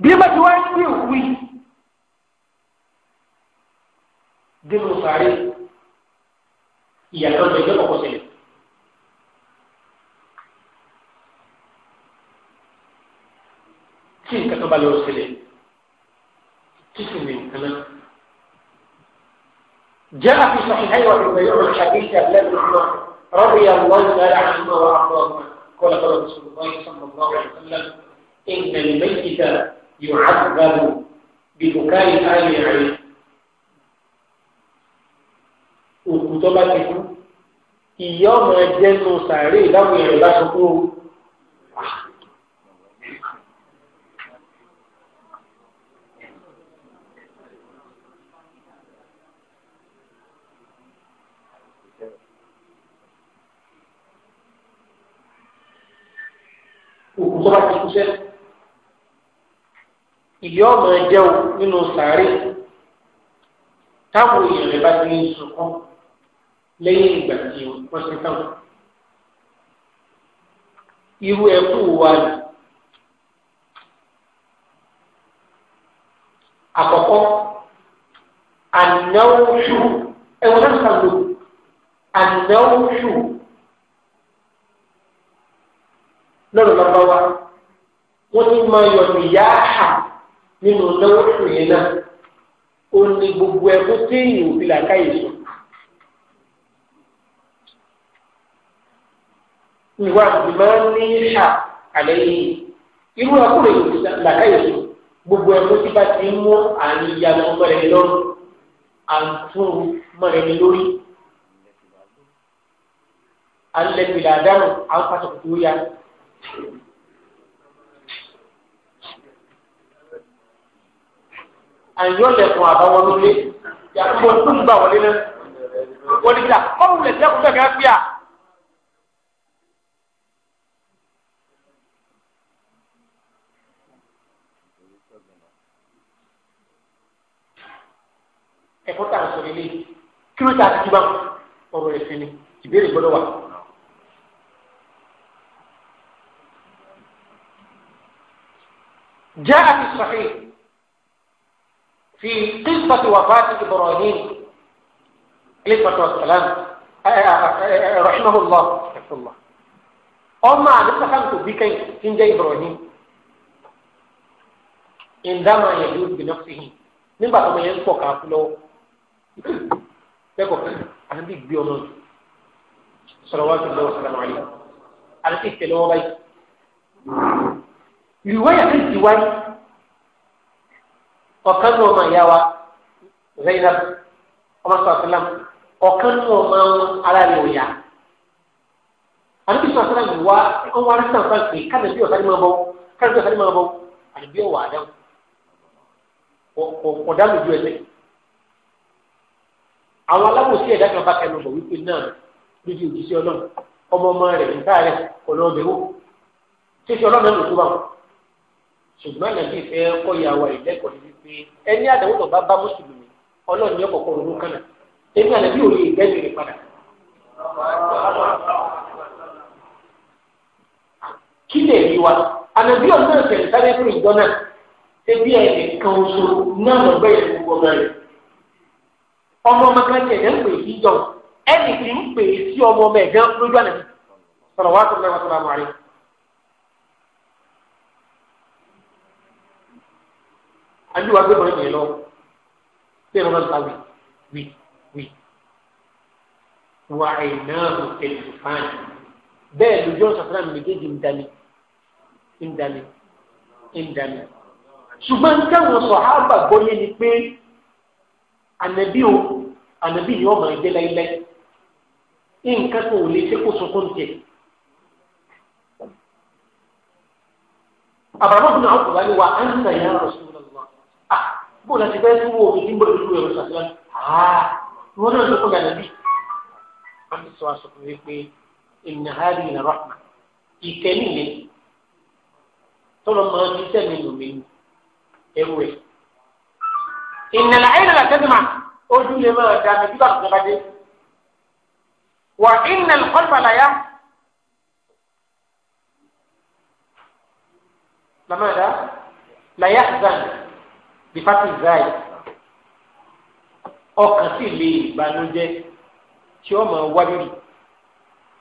بما تواجه wọ́n dínú sáré ìyàtọ̀ jẹjẹ kọ̀kọ́ sílẹ̀. tí nǹkan kan bá sílẹ̀ tí sì ní nǹkan náà. جاء رضي الله تعالى عنهما وارضاهما قال قال رسول الله صلى الله عليه وسلم ان الميت يعذب ببكاء اهل عليه tó bá ti kú ìyá ọmọ ẹjẹ nù sàárè ìdáhùn èèyàn bá kú o. òkú tó bá ti kú sẹ́ ìyá ọmọ ẹjẹ o nínú sàárè táwọn èèyàn bá ti ń sunkún lẹ́yìn ìgbà tí wọ́n ṣe tán. irú ẹ̀kú wa ni àkọ́kọ́ ànáwóṣù ẹ̀wọ̀n náà sàlò ànáwóṣù lọ́dọ̀ lọ́ba wa wọ́n ti máa yọ̀ nìyá àṣà nínú náwóṣù yẹn náà ó ní gbogbo ẹ̀kú tí ìyòfìlà káyè sùn. ìwà ìgbìmọ̀ ní ṣà àlẹ́ yìí irú ọkùnrin làkàyèsí gbogbo ẹ̀kọ́ tí bá ti ń mú àníyàwó mọ̀rẹ́ni lọ́rùn àǹtún mọ̀rẹ́ni lórí alẹ́bìlà àdánù àwọn pàṣẹkùtù yá. àyọ̀lẹ̀kùn àbáwọn lólé yàtọ̀ tó ń gbà wọlé náà wọlé gbà kọ́ọ̀lù lẹ̀ sẹ́kùn kẹ́ pé ẹ̀kọ́ tà ń sọ ilé kí ló ta àti bá ọ̀rọ̀ ẹ̀sìn ni ìbéèrè gbọ́dọ̀ wà. جاء في الصحيح في قصة وفاة إبراهيم عليه الصلاة والسلام رحمه الله رحمه الله ọmọ àdúgbàkàntò bí kẹ́yìn tí ń jẹ́ Ibrahim ìdámà yẹn ló gbìnà fi hìn nígbà tó mọ yẹn ń pọ̀ káàkú lọ́wọ́ kẹ́kọ̀ọ́ àbí gbé ọmọ sọ̀rọ̀ wá sí lọ́wọ́ sọ̀rọ̀ àyè àti ìtẹ̀lẹ́ wọn báyìí. ìrìwáyà ti ti wáyé ọ̀kan ní ọmọ ìyá wa Zainab ọmọ sọ̀tìlám ọ̀kan ní ọmọ ara rẹ̀ òyà. àti sọ̀tìlám wá ọwọ́ arísàn fáńpé kábẹ̀ bí ọ̀sán ní máa bọ̀ kábẹ̀ bí ọ̀sán ní máa bọ̀ àti bí ọ̀wà àdáhùn ọ̀dàlù ju ẹ̀sẹ̀ àwọn alábòsí ẹ̀dá kan bá kẹnu bọ̀ wípé náà lójú òjíṣẹ́ ọlọ́run ọmọ ọmọ rẹ̀ nípa rẹ̀ ọlọ́ọ̀dẹ̀ wò ṣíṣe ọlọ́run ló tó bá wọn. ṣùgbọ́n nàbí ìfẹ́ kọ́ ya wa ìlẹ́kọ̀ọ́ ni wípé ẹni àdánwò tó bá bá mùsùlùmí ọlọ́run ní ọkọ̀ kọ̀ọ̀rọ̀ ló kànà èmi àdàbí òye ìgbẹ́jọ rẹ̀ padà. kí lè rí wa ànàbí ọ̀sán ìṣẹ̀lẹ̀ sáré fún ìjọ náà ṣé bí ẹ̀ ọmọ ọmọ kan tiẹ̀ ń pè é sí jọ ẹnì kì í pè é sí ọmọ ọmọ ẹ̀gán lójú àná sọ̀rọ̀ wá sọ̀rọ̀ wá sọ̀rọ̀ àmọ́ àlù wa gbẹ̀bọ̀rẹ̀ mi lọ bẹ́ẹ̀ lọ́wọ́ nípa wì wì wì wà àìnáàbò tẹlifán bẹ́ẹ̀ lójú ọ̀sán fúnra mi méjèèjì ń dání ń dání ń dání ṣùgbọ́n táwọn sọ̀hábà gbọ́ yé ni pé ànàbí o ànábì yìí ọmọ ẹgbẹ́ láíláí nǹkan tó lè ṣe kó sunkún tiẹ̀. àbàmọ́ fún àwọn kùbá ni wà á ń nà yà Rasulullah à ah, bó o láti fẹ́ wọ omi tí ń bọ̀ lójú ẹ̀rọ sàṣẹ àá ah, wọn náà lọ́kọ̀ yà nàbí. wọ́n ti sọ aṣọ fún mi pé inna hadhihi la rahma ìkẹ́lì mi tọ́lọ́ máa ń fi sẹ́mi lò mí ẹrú ẹ̀. ìnàlá ẹ̀ lọ́la tẹ́sí máa ojú lè máa da mi bí bàbá mi bá dé. wà ìnà lọ́pàá yá. lamada laya zan bifati zai ọkàn sì lè ìbànújẹ́ tí ó máa wá lórí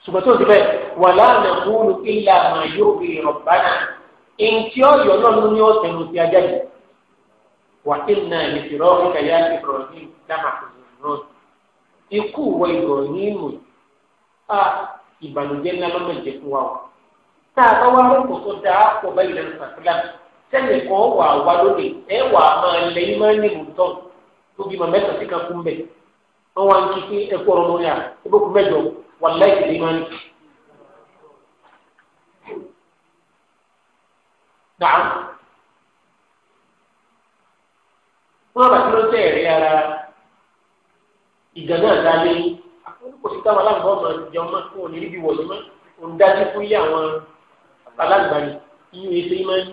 ṣùgbọ́n tó ti bẹ́ẹ̀ wà láàánú kúrú ilé àmọ́ yóò fi rọ̀ bánà èyí tí ó náà ló ní ọ̀sẹ̀ ló ti ajá yìí wàhíìnà ìfìrọ́ ìkàyà ìrọ̀lẹ́ dámà ìrọ̀lẹ́ ikú wọ ìrọ̀lẹ́ mọ̀ a ìbànújẹ́ ńlá lọ́mọ ìjẹ́ fún wa o tá a bá wá lọ́kọ̀ tó dáa pọ̀ báyìí lẹ́nu sàkúlà sẹ́yìn kan wà wá lóde ẹ wà máa lẹ́yìn máa ń ní ìmùtọ́ tóbi mọ̀ mẹ́ta sí kan fún bẹ́ẹ̀ wọ́n wá ń kí sí ẹkú ọ̀rọ̀ lórí à ebókun mẹ́jọ wà láì sí lè máa ń wọn bá tí ló tẹ ẹrí ara ìjà náà dálé kò sí káwọn aláǹgbá ọmọ ìjọ máa fún òní níbi wọ̀nyí mọ́ òun dájú fún ilé àwọn aláǹgbá ni iyún ètò yìí máa ń.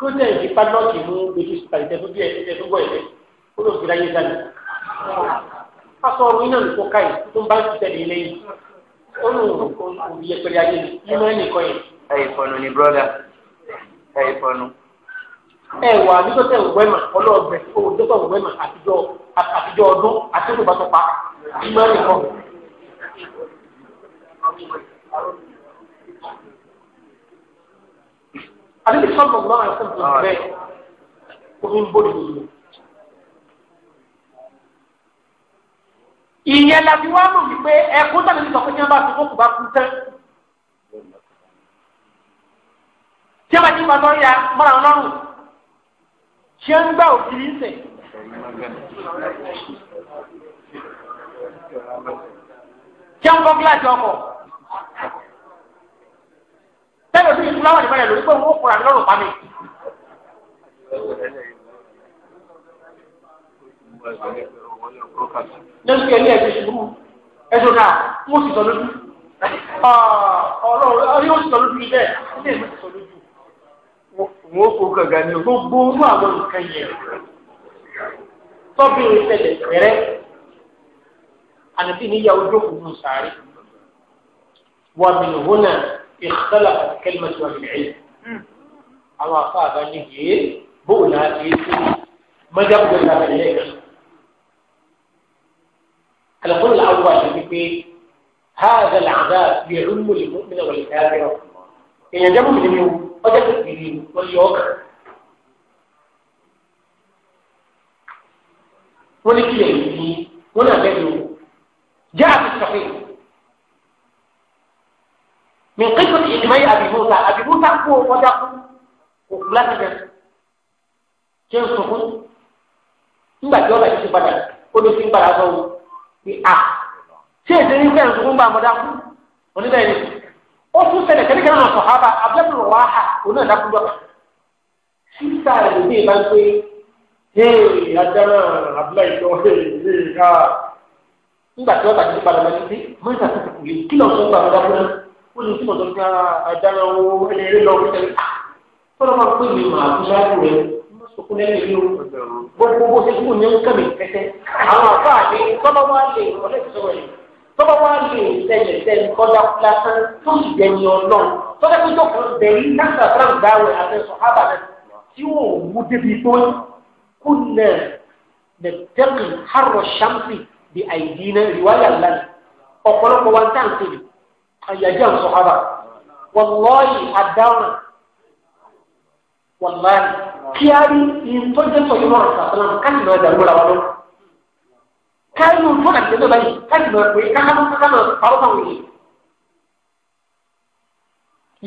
kódà ìdí padlọ́ọ̀kì mú ojú síta ìtẹ́fún bí ẹ̀ẹ́dẹ́ tó gbọ́ ẹ̀dẹ́ ó lọ fìlà yé dání. pásọ ọrùn iná nìkó káyì tó ń bá ń tẹ̀lé lẹ́yìn ó lóun kò yẹpẹrẹ ayé ni ìmọ̀ ẹ̀ nìkan yẹn ẹ̀yìnfọ̀nù ni brọ́dà ẹ̀yìnfọ̀nù. ẹ wà nígbà tẹ òwe mà ọlọ́ọ̀bẹ òjò tẹ òwe mà àtijọ́ àtijọ́ ọdún àti òjò bàtọ̀ pa ìmọ̀ ẹ̀ kọ́. àti bí sọ́ọ̀mù ọ̀gbọ́n àti sọ́ọ̀mù bẹ́ẹ̀ omi ń bóde nìyí. ìyẹn làbí wàá mọ̀ wípé ẹ̀kú tàbí sọ pé kí wọ́n bá fi fókù bá kú tán. tí ti máa lọ́ọ̀yà mọ́ra wọn lọ́rùn ṣé ń gbà òkìlì ń sẹ̀. tí a ń kọ́ gíláàsì ọkọ̀ tẹ́lẹ̀ bí ìtura wà nípa rẹ̀ lórí kura lọ́rùn pa mi. lẹ́sùn kẹ́lẹ́ ẹ̀jẹ̀ ṣubú ẹ̀jọ̀ náà mo sì sọ lójú ọ̀rọ̀ ọ̀rẹ́ ó sì sọ lójú ilé ẹ̀ ilé mi sì sọ lójú. wọn kò gàgà ní gbogbo orú àwọn nǹkan yẹn tọ́bí ìṣẹ̀lẹ̀ pẹ̀rẹ́ ànàbí níyàwó jókòó nù sàárè wà mí lòhùnà ìṣẹ̀lẹ̀ kẹlẹ́mẹ̀ tí wà mí lẹ́yìn. àwọn afọ àbá ní yé bóun náà ti ṣe mọ́jáwó ìlànà yẹn. القول الأول في هذا العذاب يعم المؤمن والكافر إن جمع من يوم ọjọ́ kìkìrì ló yọ ọ́ kàn. wọ́n ní kílẹ̀ yìí ní wọ́n náà bẹ́ẹ̀ lò jẹ́ àti sọ̀fẹ́. من قصة إجماع أبي موسى أبي موسى هو وجهه وفلان ṣé ń sunkún nígbà tí ọba yìí ti padà ó ló fi ń padà sọ wò pé a ṣé èdè ní fẹ́ẹ̀ sunkún bá a mọ̀ dákú oníbẹ̀rẹ̀ ó tún ṣẹlẹ̀ tẹ́lẹ̀ kí wọ́n sọ hábà abúlébùrù wá hà oní ìdákúndọ̀ sísá rẹ̀ ní ìbá ń pé ee ajára abúlé ìjọ ee ká nígbà tí wọ́n bá ti padà lọ sí mọ́ ìta tó ti kù yìí kí lọ́ọ̀ tó ń gbà lọ́dá fún un ó ní símọ̀ tó ń ká ajára owó ẹni eré lọ fún tẹ́lẹ̀ tọ́lọ́ máa pè mí màá fún ṣáájú rẹ̀ mọ́sọ̀kún lẹ́yìn ìlú gbogbo bó ṣe kú ní ó kẹ́mi pẹ́tẹ́ àwọn àfáà ní tọ́lọ́ wá lè wọlé ìṣòro yìí tọ́ba wá lè sẹ́yìn sẹ́yìn kọ́dá lásán tó sì dẹni ọlọ́run tọ́jà tó jókòó bẹ̀rẹ̀ náà sàrán gbàwé àtẹ̀sọ̀ hábà rẹ̀ tí wọ́n mú débi tó kú nẹ̀ nẹ̀tẹ́rì hàrọ̀ ṣámsì di àìdí iná ìwáyà lánàá ọ̀pọ̀lọpọ̀ wa ń tà ń tèlè àyájá ń sọ hábà wàlọ́ọ̀yì àdáwọn wàlọ́ọ̀yì kí á ìtọ́jẹ́sọ̀ yìí wọ́n sàrán kánìmọ̀ ẹ̀dàgbọ́ra wa káyọ̀ tó kà tẹ̀lé báyìí káyọ̀ lọ pé kákàtó kákàtó parọ́ náà wòye.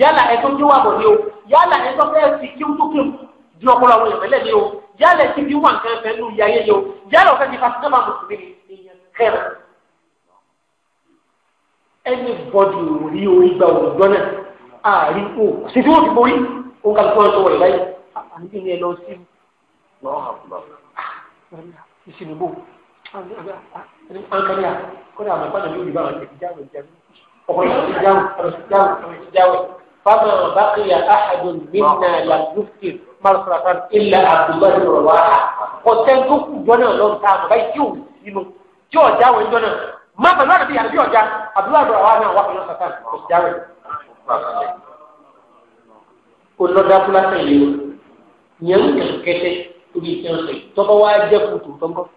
yálà ẹ̀ tó ń díwà bọ̀ ni o yálà ẹ̀ tó fẹ́ẹ́ fi kí ó tó kí o di ọpọlọ àwọn èèyàn mẹ́lẹ̀ ni o yálà ẹ̀ ti fi wà nǹkan fẹ́ nù yáyé yẹ o yálà ọ̀fẹ́ ti fa sinimá mùsùlùmí ni èèyàn kẹ́rẹ̀. o bọ́dì òrí orí gba òòjọ́ náà àárín o sì tí wọ́n ti borí òun kàlùkù ọ̀rọ̀ sọ̀rọ̀ ìbáyìí àbí ni ẹ lọ sí i ankari a kódà àmọ́ ìpàdé yóò dìbò àwọn ti jáwé jáwé ọkọ yóò ti jáwé ọ̀rọ̀ ti jáwé ọ̀rọ̀ ti jáwé fama bakiya ahadun minna la yufti marasarafan illa abdullahi rawaha ọ̀sẹ̀ntó kù jọ́nà lọ́n ta àmọ́ báyìí tí ò sínú tí ò jáwé jọ́nà má bàbá rẹ̀ bí yàrá bí ọ̀já abdullahi rawaha náà wà pẹ̀lú sàtàn kò sí jáwé. olùdókòlá sẹ́yìn yẹn ń kẹ̀kẹ́ tẹ́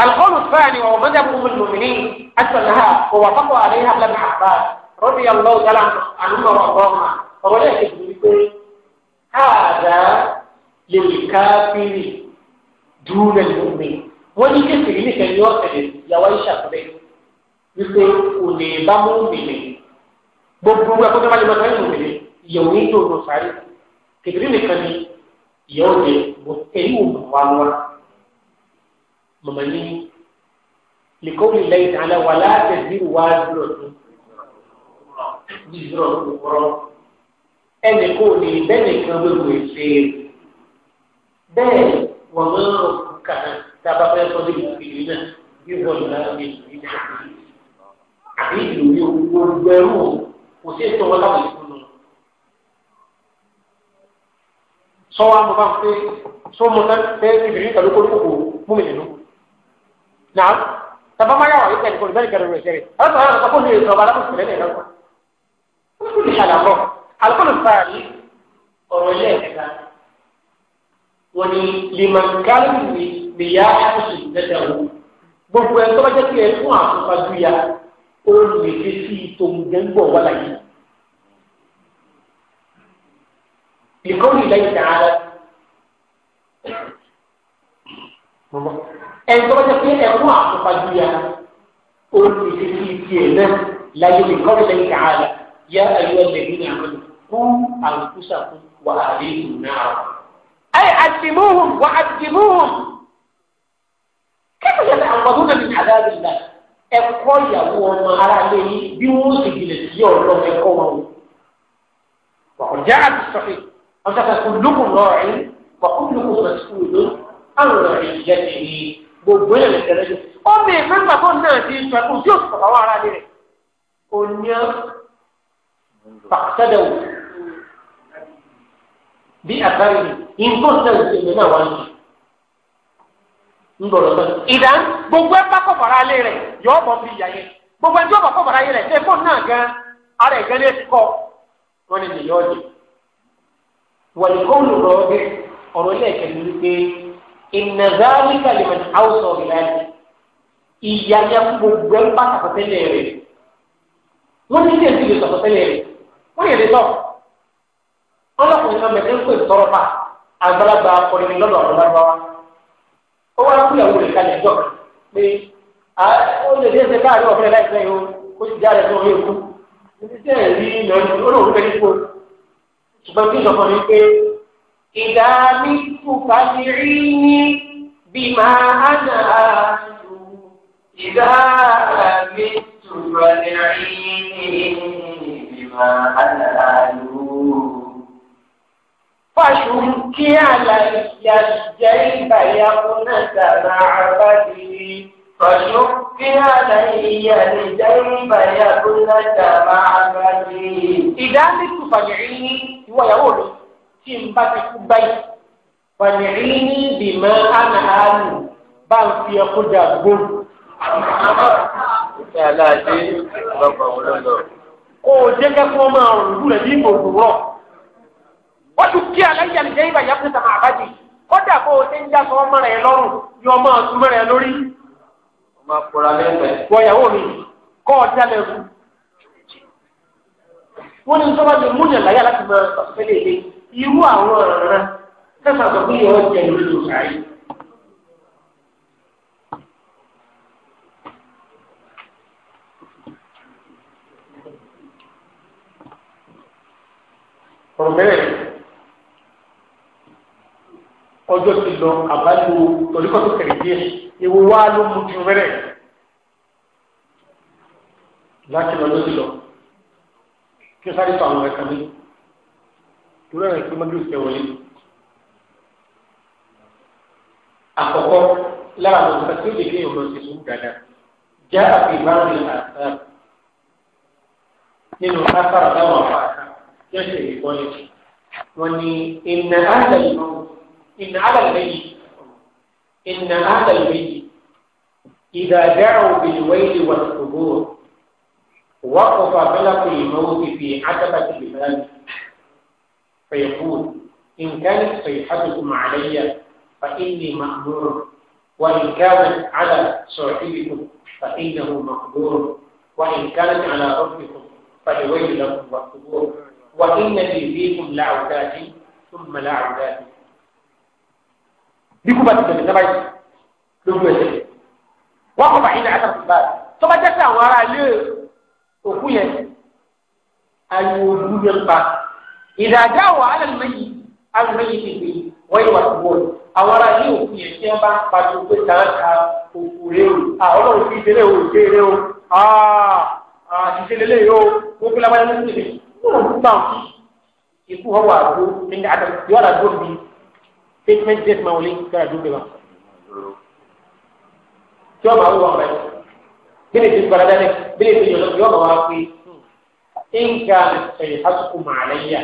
القول الثاني وهو مذهب ام المؤمنين اسلها ووافقوا عليها ابن عباس رضي الله تعالى عنهما وارضاهما ولكن يقول هذا للكافر دون المؤمن wọ́n ní kékeré ní kẹ́yìn ọ̀tẹ̀lẹ̀ ìyàwó ìṣàkùnrin wípé òní bá mú mi lè gbogbo ẹgbẹ́ tó bá lè lọ sẹ́yìn mi lè ìyàwó ní ìjọ òun sáré kẹfìrí nìkan ni ìyàwó jẹ bọ ẹyí wò mọ wá wá mọmọ ní lìkọ́wé lẹ́yìn tààlà wà láti zírù wá zírò tó zírò tó kọ́rọ́ ẹnì kò ní bẹ́ẹ̀ nìkan gbogbo ìṣe bẹ́ẹ̀ wọ́n máa ń kàná tábà fẹ́ sọ́dọ̀ ìlú náà bí wọ́n lọ láti ìlú náà àbí ìlú yóò gbogbo kò sí ètò wọn láwùjọ. sọwọ àmọ bá ń pè sọmọ náà pé ìbìrì kàló kó lóko mú mi nínú. nà tàbá má yàwó yìí kẹ́ni kò ní bẹ́ẹ̀ kẹ́ni rẹ̀ ṣẹlẹ̀ alásọ̀rọ̀ àwọn ọ̀sán kò ní ìrìnnà ọba alákòóso lẹ́nu ẹ̀rọ kan. wọ́n kò ní ìṣàlàkọ́ alukóòlù fara yìí ọ̀rọ̀ ilé ẹ̀ka wọ́n ní limankari nìyá àkóso ìdẹ́dẹ́ wọn gbogbo ẹ̀ tó bá jẹ́ pé ẹ̀ fún àfọ̀fà لقول الله تعالى ẹni tó bá jẹ́ pé ẹkún àtúpàdúyà olùsèkì tiẹ̀ náà láyé lìkọ́rì lẹ́yìn tààlà yá ayé ẹlẹ́gbẹ́ ní àwọn kú àǹkúṣàkún wà àléébù náà. ẹ àtìmúhùn wà àtìmúhùn kẹ́kọ̀ọ́ yàtọ̀ àwọn ọdún náà ní àdáàbì náà ẹ̀kọ́ ìyàwó ọmọ ara lé yín bí wọ́n sì gbìyànjú sí ọ̀rọ̀ ẹ̀kọ́ wọn. wàhùn jáà ti sọ̀rọ̀ ọ̀sẹ̀kẹ̀ kùlùkùn lọ́ọ̀rin wàkùlùkùn mẹ̀sùlù àrùnrìn ìyẹn ti gbogbo ẹ̀ lẹ́tẹ̀lẹ́ jù. ó mi mẹ́fà tó náà ti sọ ẹ̀kú tí yóò sọ̀rọ̀ àwọn ará rẹ̀ kò ní pàṣẹdẹ̀ wò bí àbáyé nǹkan sẹ́wọ̀n ti mi náà wá ní ngbọdọ sọ ìdá gbogbo ẹ bá kọfọrọ alẹ rẹ yọọ bọ bí ìyá gbogbo ẹ tí yọọ bọ kọfọrọ ayé rẹ ẹ náà gan ara ẹ gan lé kọ wọn ni nìyọ wàlúkọ́ọ̀lù rọ̀ọ́bì ọ̀rọ̀ lẹ́ẹ̀kẹ́ ló ń pé ìnàzáàlì kàlímẹ̀tì àwùsọ̀ ìlànà ìyá ya gbogbo ẹ̀ ń bá sàkọsẹ́lẹ̀ rẹ̀ wọ́n ti tẹ̀sí ìlú sàkọsẹ́lẹ̀ rẹ̀ wọ́n yẹ lè tọ́ ọlọ́kùnrin kan bẹ̀rẹ̀ ń pè tọ́rọ́fà àgbàlagbà akọrin lọ́dọ̀ ọ̀dọ́ lágbáwá ó wá kúlẹ̀ wò lè kalẹ̀ jọ pé ó lè dé ẹsẹ̀ káàdì ọ̀fẹ́ láìpẹ́ yìí ó ti jáde tó ń rí ikú ní ti tẹ̀ rí ìnáwó olóògùn bẹ́ẹ̀ ní kúrò ṣùgbọ́n kí lọ́kọ̀ ni pé ìdá mi kù bá ti rí ní bímá àná àlù ìdá mi tù bá ti rí ní bímá àná àlù. فشكي على الجيب يقنة معبدي فشكي علي الجيب يقنة معبدي إذا مت فجعيني ìwọ ìyàwó mi tí n bá ti kú báyìí fàníhì ní bìmọ̀ àná àánú bá ń fi ẹkú dà gbòòrò. ṣé aláàdé lọ́kọ̀ wọn ló lọ. kò jẹ́ kẹ́kọ̀ọ́ máa rò lù rẹ̀ ní ìmọ̀lù rọ̀. wọ́n tún kí aláìyá mi jẹ́ ìgbà yá fún tàmà àbájì kódà kó o ti ń já sọ ọmọ rẹ lọ́rùn yọ ọmọ ọ̀tún mẹ́rẹ̀ lórí. ọmọ akọ̀rọ̀ alẹ́ mẹ́. wọ ìyàwó mi kọ́ ọ wọ́n ní sọ́ba lè múyàn láyà láti máa sọ́sẹ́lẹ̀ ilé irú àwọn ọ̀ràn kẹfà sọ pé yọ̀ jẹ ìlú ìlú sáyé. ọ̀rọ̀mẹ́rẹ̀ ọjọ́ ti lọ àbájú tòlíkọ́tò kẹ̀lẹ́díẹ̀ ìwọ wa ló mú ju mẹ́rẹ̀ láti lọ ló lọ. kí sáré tó àwọn ẹ̀ka mi torí ẹ̀rọ ìpè mọ́tò ìfẹ́ wọlé. àkọ́kọ́ lára àwọn ìfẹ́ tó lè fi èèyàn lọ sí sùn dáadáa já àfi ìbára ní àṣà nínú kására táwọn àwọn àṣà tí wọ́n ṣe ìbọn yẹn wọ́n ní ìnà àlẹ́ ìlú ìnà àlẹ́ lẹ́yìn ìnà àlẹ́ lẹ́yìn ìdàdàrọ̀ bìlìwẹ́yìn wà ní òbúrò. وقف ملك الموت في عتبة الفم فيقول إن كانت صيحتكم علي فإني مأمور وإن كانت على صاحبكم فإنه مقدور وإن كانت على ربكم فلويل لكم والقبور وإن في فيكم لعوداتي ثم لعوداتي bí kú bá ti tẹ̀lé sábà yìí lójú ẹsẹ̀ wọ́n kọ́ bá yín ní òkú yẹn ariwo dúdú ń pa ìdájá wà á lẹ́nu mẹ́yìn àwọn mẹ́yìn ti gbé wọ́n yìí wà tó wọ́n àwọn ará yìí òkú yẹn tí wọ́n bá ń pariwo pé tàǹkà òkú rẹ o ọlọ́run fi ìdílé o ìdílé o ìdílé lè o wọ́n fi lábáyé lóṣù rẹ̀ wọ́n ń gbà wọ́n ikú wọn wà á dó ní àtàkùn yọ̀ọ́ àdó bíi statement date máa wọlé kí wọ́n àdó bẹ̀ wọ́n tí wọ́n máa wọ́n wọ́n bẹ̀rẹ̀ bílẹ̀ ti gbàdá ní bílẹ̀ ti yọ̀lọ́ yọ̀lọ́ wa pé nǹkan ẹ̀yìn asukù màlẹ́yà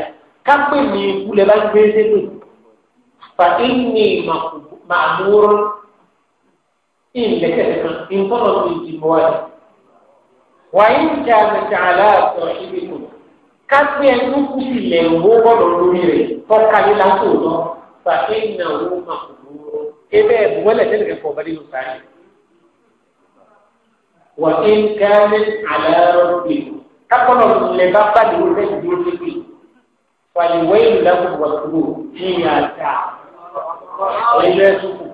kápẹ́ mi wulẹ̀ bá gbé sẹ́gbẹ̀ fa ẹ̀yìn màmúrọ̀ ẹ̀yìn lẹ́kẹ̀ẹ́ kan ìfọ̀nà tó ti mọ́ wa yìí. wà á nǹkan ẹ̀yìn àlá àtọ̀ ibi kù kápẹ́ ẹ̀yìn kù sí ilẹ̀ owó bọ̀dọ̀ lórí rẹ̀ tọ́kadì látòótọ́ fa ẹ̀yìn àwọn màmúrọ̀ ẹ bẹ́ẹ̀ bùwẹ́lẹ̀ tẹ́lẹ̀ kẹ́kọ̀ọ́ bá dé lọ sáré wà é ń kẹ́lẹ́ àlàárọ̀ pé kápọ́nà lè bá pàdé wọlé ìdúró níbi fàyẹ̀wé ìlànà wọ̀túrò ní àjà ilé sùkù.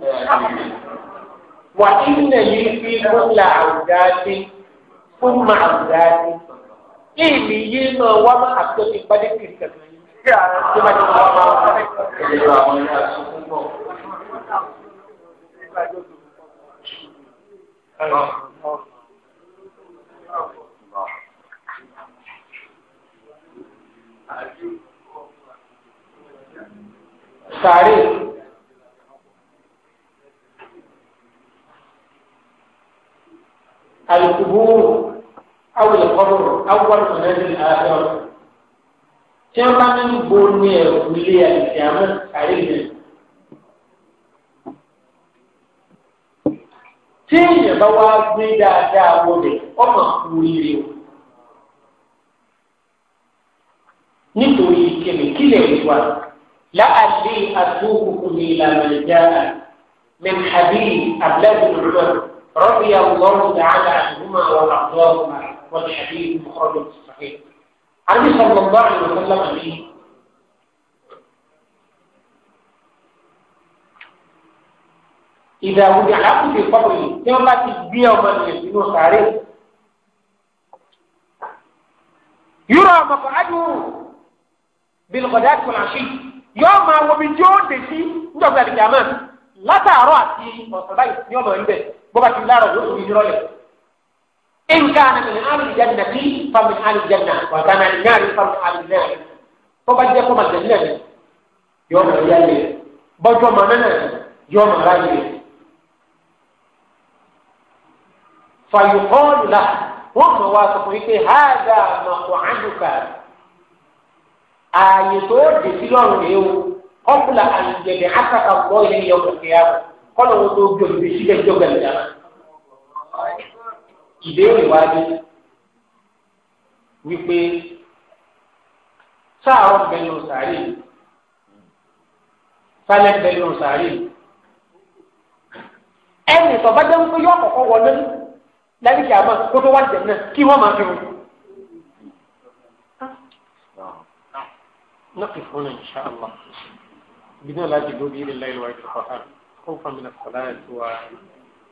wà é ń nàlẹ́ fi kúnlá àwùjáde fún màá àwùjáde èmi yé máa wá máa àtọ́ ti gbadé kìrìkìrì kí àwọn tó bá ti wá máa wá. Oh. تعريف القبور أو القبر أول منازل الآخرة كما من بني أولياء القيامة تعريف tí èèyàn bá wá gbé dáadáa wọlé ọmọ kú rírì o nítorí kèmí kílẹ̀ wíwá láàlẹ́ àdúgbò ní ìlànà ìjà من حديث أبلاد بن عمر رضي الله تعالى عنهما وأرضاهما والحديث مخرج الصحيح. عليه صلى الله عليه وسلم ìdààmúdì àkùdé kọ́bù yìí tí wọ́n bá ti gbé ọmọ nìyẹn sínú sàárè. yúrọ̀ ọmọkọ̀ adúrú bìlùkọ̀dá tó náà ṣe yóò máa wọ bí yóò dé sí níjọba ìdíjà mọ́ látàárọ̀ àti ọ̀sán báyìí ní ọmọ ń bẹ̀ bó bá ti láàrọ̀ yóò tóbi yúrọ̀ lẹ̀. إن كان من أهل الجنة فمن أهل الجنة وكان من النار فمن أهل النار فبجكم الجنة يوم القيامة بجوا مننا يوم القيامة fàyọkọ́ọ̀lù la wọ́n mọ̀ wá sọ fún yín pé háàdà màkò àdùkà ààyè tó dé sí lọ́rùn rèé o kọ́pùlà àyìnjẹ̀dẹ̀ àtàkà gbọ́ yẹn yẹ ọkọ̀ kẹ́yà rẹ̀ kọ́lọ̀ wọn tó gbé olùdí sílẹ̀ jọgbà ìdáná. ìbéèrè wá dé wípé sáàrọ̀ bẹ̀rù sàárè sálẹ̀ bẹ̀rù sàárè ẹnì tó bá jẹ́ wípé yọ ọ̀kọ̀ọ̀kọ̀ wọlé láti kí a mọ̀ kó tó wá jẹ̀ náà kí wọ́n máa fi wọn. نقف هنا إن شاء الله بدون لا جدود إلى الليل والقرآن خوفا من الصلاة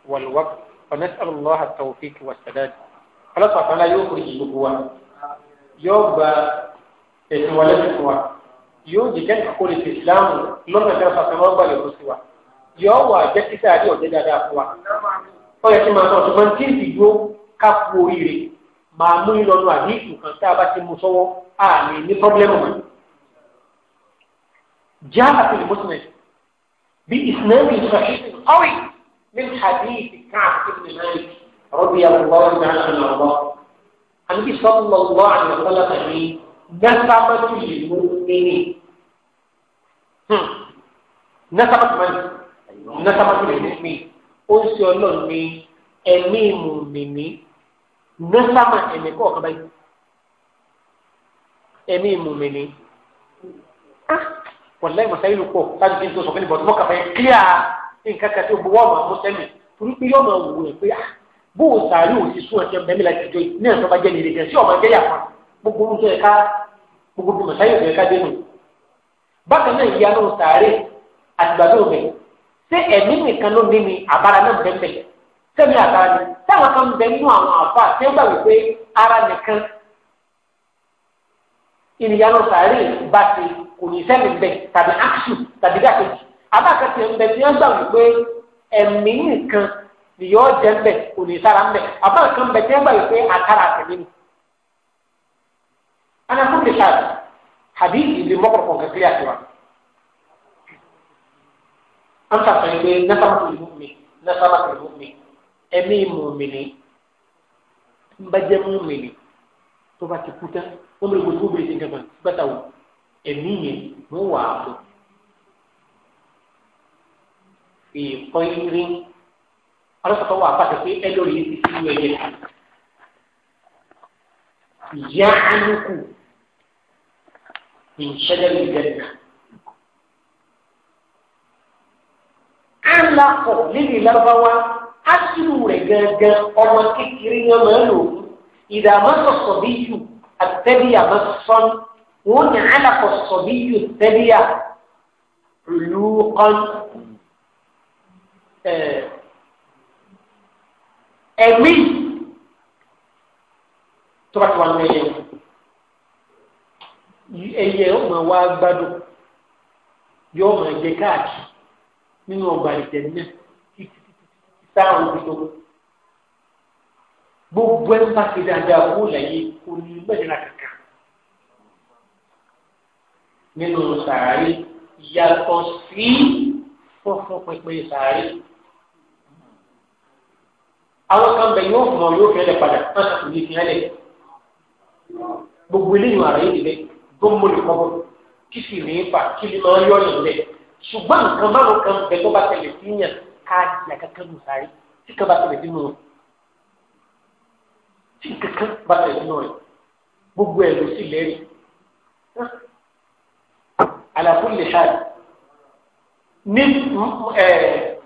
والوقت فنسأل الله التوفيق والسداد فلطف فلا يخرج النبوة يوم ìtìwọlẹ́sìn wa yóò jẹ́ jẹ́ ìkórè ti ìsìláàmù lọ́nà ìjọba fún ọgbà yòókù sí wa yóò wà jẹ́ títà àdé ọ̀jẹ́ dáadáa fún wa ó yẹ kí n máa sọ ṣùgbọ́n tí ìdìbò ká kú oríire máa mú ìlọnu àdínkù kan tá a bá ti mú sọ́wọ́ àmì ní pọ́blẹ́mù mọ́. جاء في المسند بإسناد صحيح قوي من حديث كعب بن مالك رضي الله تعالى عنه وارضاه النبي صلى الله عليه وسلم نسبة للمؤمن نسبة من؟ نسبة للمؤمن ó ń ṣe ọlọ́run ní ẹ̀mí ìmùmìmí nọ́sàmà ẹ̀mí kọ́ ọ̀kan báyìí ẹ̀mí ìmùmìmí wọ́n lẹ́yìn mọ̀sáyé ló pọ̀ láti fi tó sọ fún mi bọ̀ tó mọ̀ kàfẹ́ kílíà nǹkan kan tí ó bu wọ́ọ̀mù àmúṣẹ́mi torí pé yọ́ọ̀mù àwòrán ẹ̀ pé ah, bó o sàárì ò sí sún ọ̀sẹ̀ mẹ́mí láti jọ ní ẹ̀sọ́ bá jẹ́ ní ìrẹsì ọ̀mọ̀ ẹgbẹ́ yà fún gbogbo oúnjẹ ẹ̀ka gbogbo mọ̀sáyé ọ̀sẹ̀ ẹ̀ka dénú bákan náà ìyá náà sàárè àtìgbàdo mi ṣé ẹ̀mí nìkan ló ní mi àbára náà bẹ́ẹ̀ bẹ́ẹ̀ sẹ́mi àtàrà ni táwọn kan bẹ nínú àwọn àfa tí wọ́n gbà wípé ara nìkan ìnìyànú sàárè bá ti kò ní sẹ́mi bẹ̀ tàbí áṣù tàbí dàkejì abákẹ́tì ń bẹ tí wọ́n gbà wípé ẹ̀mí nìkan nìyọ́ jẹ́ ń bẹ̀ kò ní sára ń bẹ̀ abákẹ́tì ń bẹ tí wọ́n gbà wípé àtàrà àtẹ̀mí ni. anagun kìláàsì àbí ìlú mọ́kànlá kọ̀ọ̀kan kílíà tiwa an fa fẹ́ pé nasabatu mumi nasabatu mumi ẹ̀mí mumini nbajẹ mumini tó bá ti kuta wọn bẹ gbogbo bẹ ti gama bàtà wò ẹ̀mí yẹn mo wà á fún ìkọyìnrín alásọtọ wà á fà pé ẹlòrì yìí ti fi wọ ẹyẹ ìyá ànúkù ìṣẹ̀lẹ̀ ìjẹta. alakọ̀ níbi ìlàbáwá aṣíwù rẹ̀ gangan ọmọ kékeré yẹn máa lò ó ìdààmú sọ̀sọ̀ bí jù àtẹ́bí àmọ́ sọ́n wọ́n ní alakọ̀ sọ̀ bí jù tẹ́bí à lù ọ́n ẹ̀mí tó bá ti wà ní ẹyẹ ẹyẹ ọmọ wa gbádùn yóò máa jẹ káàkiri nínú ọgbà ìtẹ̀lé náà títí táwọn ti tó gbogbo ẹni bá ti dáadáa kó lẹ́yìn kó ní mẹ́rin àkàkà nínú sàárè yàtọ̀ sí fọ́fún pínpín sàárè àwọn kan bẹ yóò mọ yóò fẹlẹ padà wọn kò ní fẹlẹ gbogbo eléyìí wà rẹ yìí lẹ gbọmọlùkọ kí sì ní í kí ni máa yọ ọ nílẹ̀ ṣùgbọ́n nǹkan márùn kan bẹ tó bá tẹ̀lé sí yàn káàdì àkàkẹ́ ló sáré tí kan bá tẹ̀lé sínú rẹ̀ tí kankan bá tẹ̀lé sínú rẹ̀ gbogbo ẹ̀ ló sì lẹ́rì. àlàfo lè ṣáàdì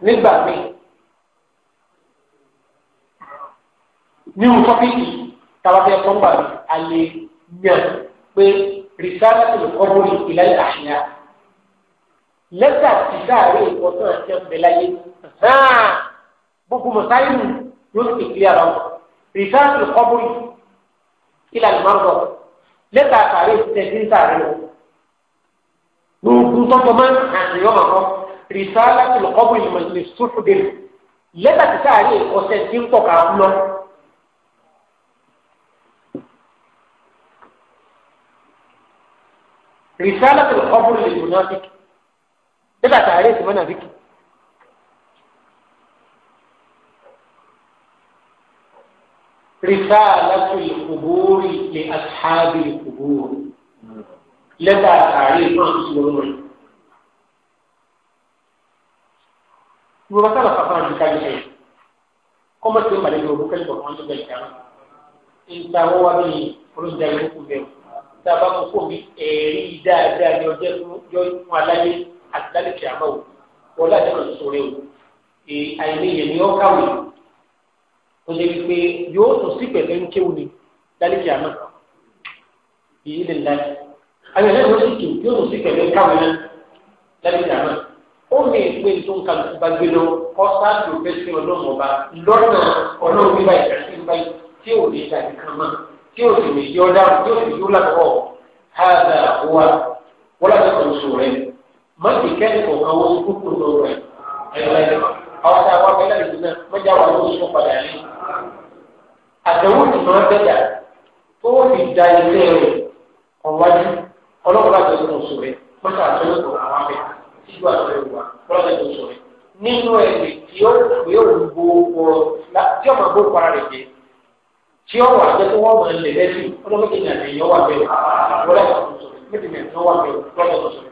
nígbà míì nínú tọ́pìkì tàbátẹ́ ẹ̀kọ́ ń gbà yàn pé rìsáàtì lè ìlànà àṣìyàn lẹ́tà ti dáàrí ìkọ̀tàn àti ọ̀bẹ láyé gbogbo mọ̀sáyìmù yóò ti kílí ara wọn rìsáàtì kọ́bùrì ilà ìmọ̀ràn lẹ́tà àtàrí ìtẹ̀sí ń tààrí wọn gbogbo tọ́jọ́ máa ń àti yọ̀mọ̀ kọ́ rìsáàtì kọ́bùrì lè sọ́tù délé lẹ́tà ti dáàrí ìkọ̀tàn ti ń tọ̀ka lọ. رسالة القبر للمنافق nígbà tá a rí èsì mọ́nà bíkì. رسالة القبور لأصحاب القبور لدى تعريف مسلمون gbogbo sábà fàfà ní ká lóṣù kọ́mọ̀ tí ó mọ̀ lẹ́yìn òwú kẹ́lẹ́ kọ̀ọ̀kan tó bẹ̀rẹ̀ kàmá níta wọ́n wá bí olóúnjẹ ìlú kù bẹ̀rù tá a bá kókó mi ẹ̀rí dáadáa ní ọjọ́ fún aláyé àti lálẹ́ kìámà o wọ́n láti lọ sọ̀rọ̀ o àìníyè ni ó káwé tó lè fi pé yóò tún sí pẹ̀lú ń kéwù ni lálẹ́ kìámà yìí lè láyé ayọ̀lẹ́ ìwé sì tù yóò tún sí pẹ̀lú ń káwé náà lálẹ́ kìámà ó lè pé tó ń ka lùkú bá gbé lọ kọ́ sáàtì òfẹ́ sí ọlọ́run ọba lọ́nà ọlọ́run bíbá ìtàkì ń báyìí tí ò ní ìdá nìkan tí ò sì ní yọ dáhùn tí ò sì yọ làkọ́ hàdà wà wọ́n láti sọ̀rọ̀ sọ̀rọ̀ rẹ̀ mọ́tì kẹ́kọ̀ọ́ kan wọ́n kú kú lọ́wọ́ ẹ̀ ẹ̀rọ àwọn tí a wá bẹ́ẹ̀ lẹ́yìn náà mọ́jà wà lóṣù tó padà yìí. àtẹ̀wò tí wọ́n bẹ̀dà tó fi da ilé rẹ̀ ọ̀wájú ọlọ́pàá àti ọ̀sán oṣù rẹ̀ mọ́tà àtọ́lọ́pọ̀ àwọn abẹ́ síjú àtọ́lọ́pọ̀ wa ọlọ́pàá àti oṣù rẹ̀ nínú ẹ̀mí tí ó pè ó gbó ọ̀rọ̀ tí ọmọ gbó para rẹ̀ jẹ tí ó wà jẹ́ kó wọ́n mọ̀ ẹ̀ lẹ́sìn ọlọ́pàá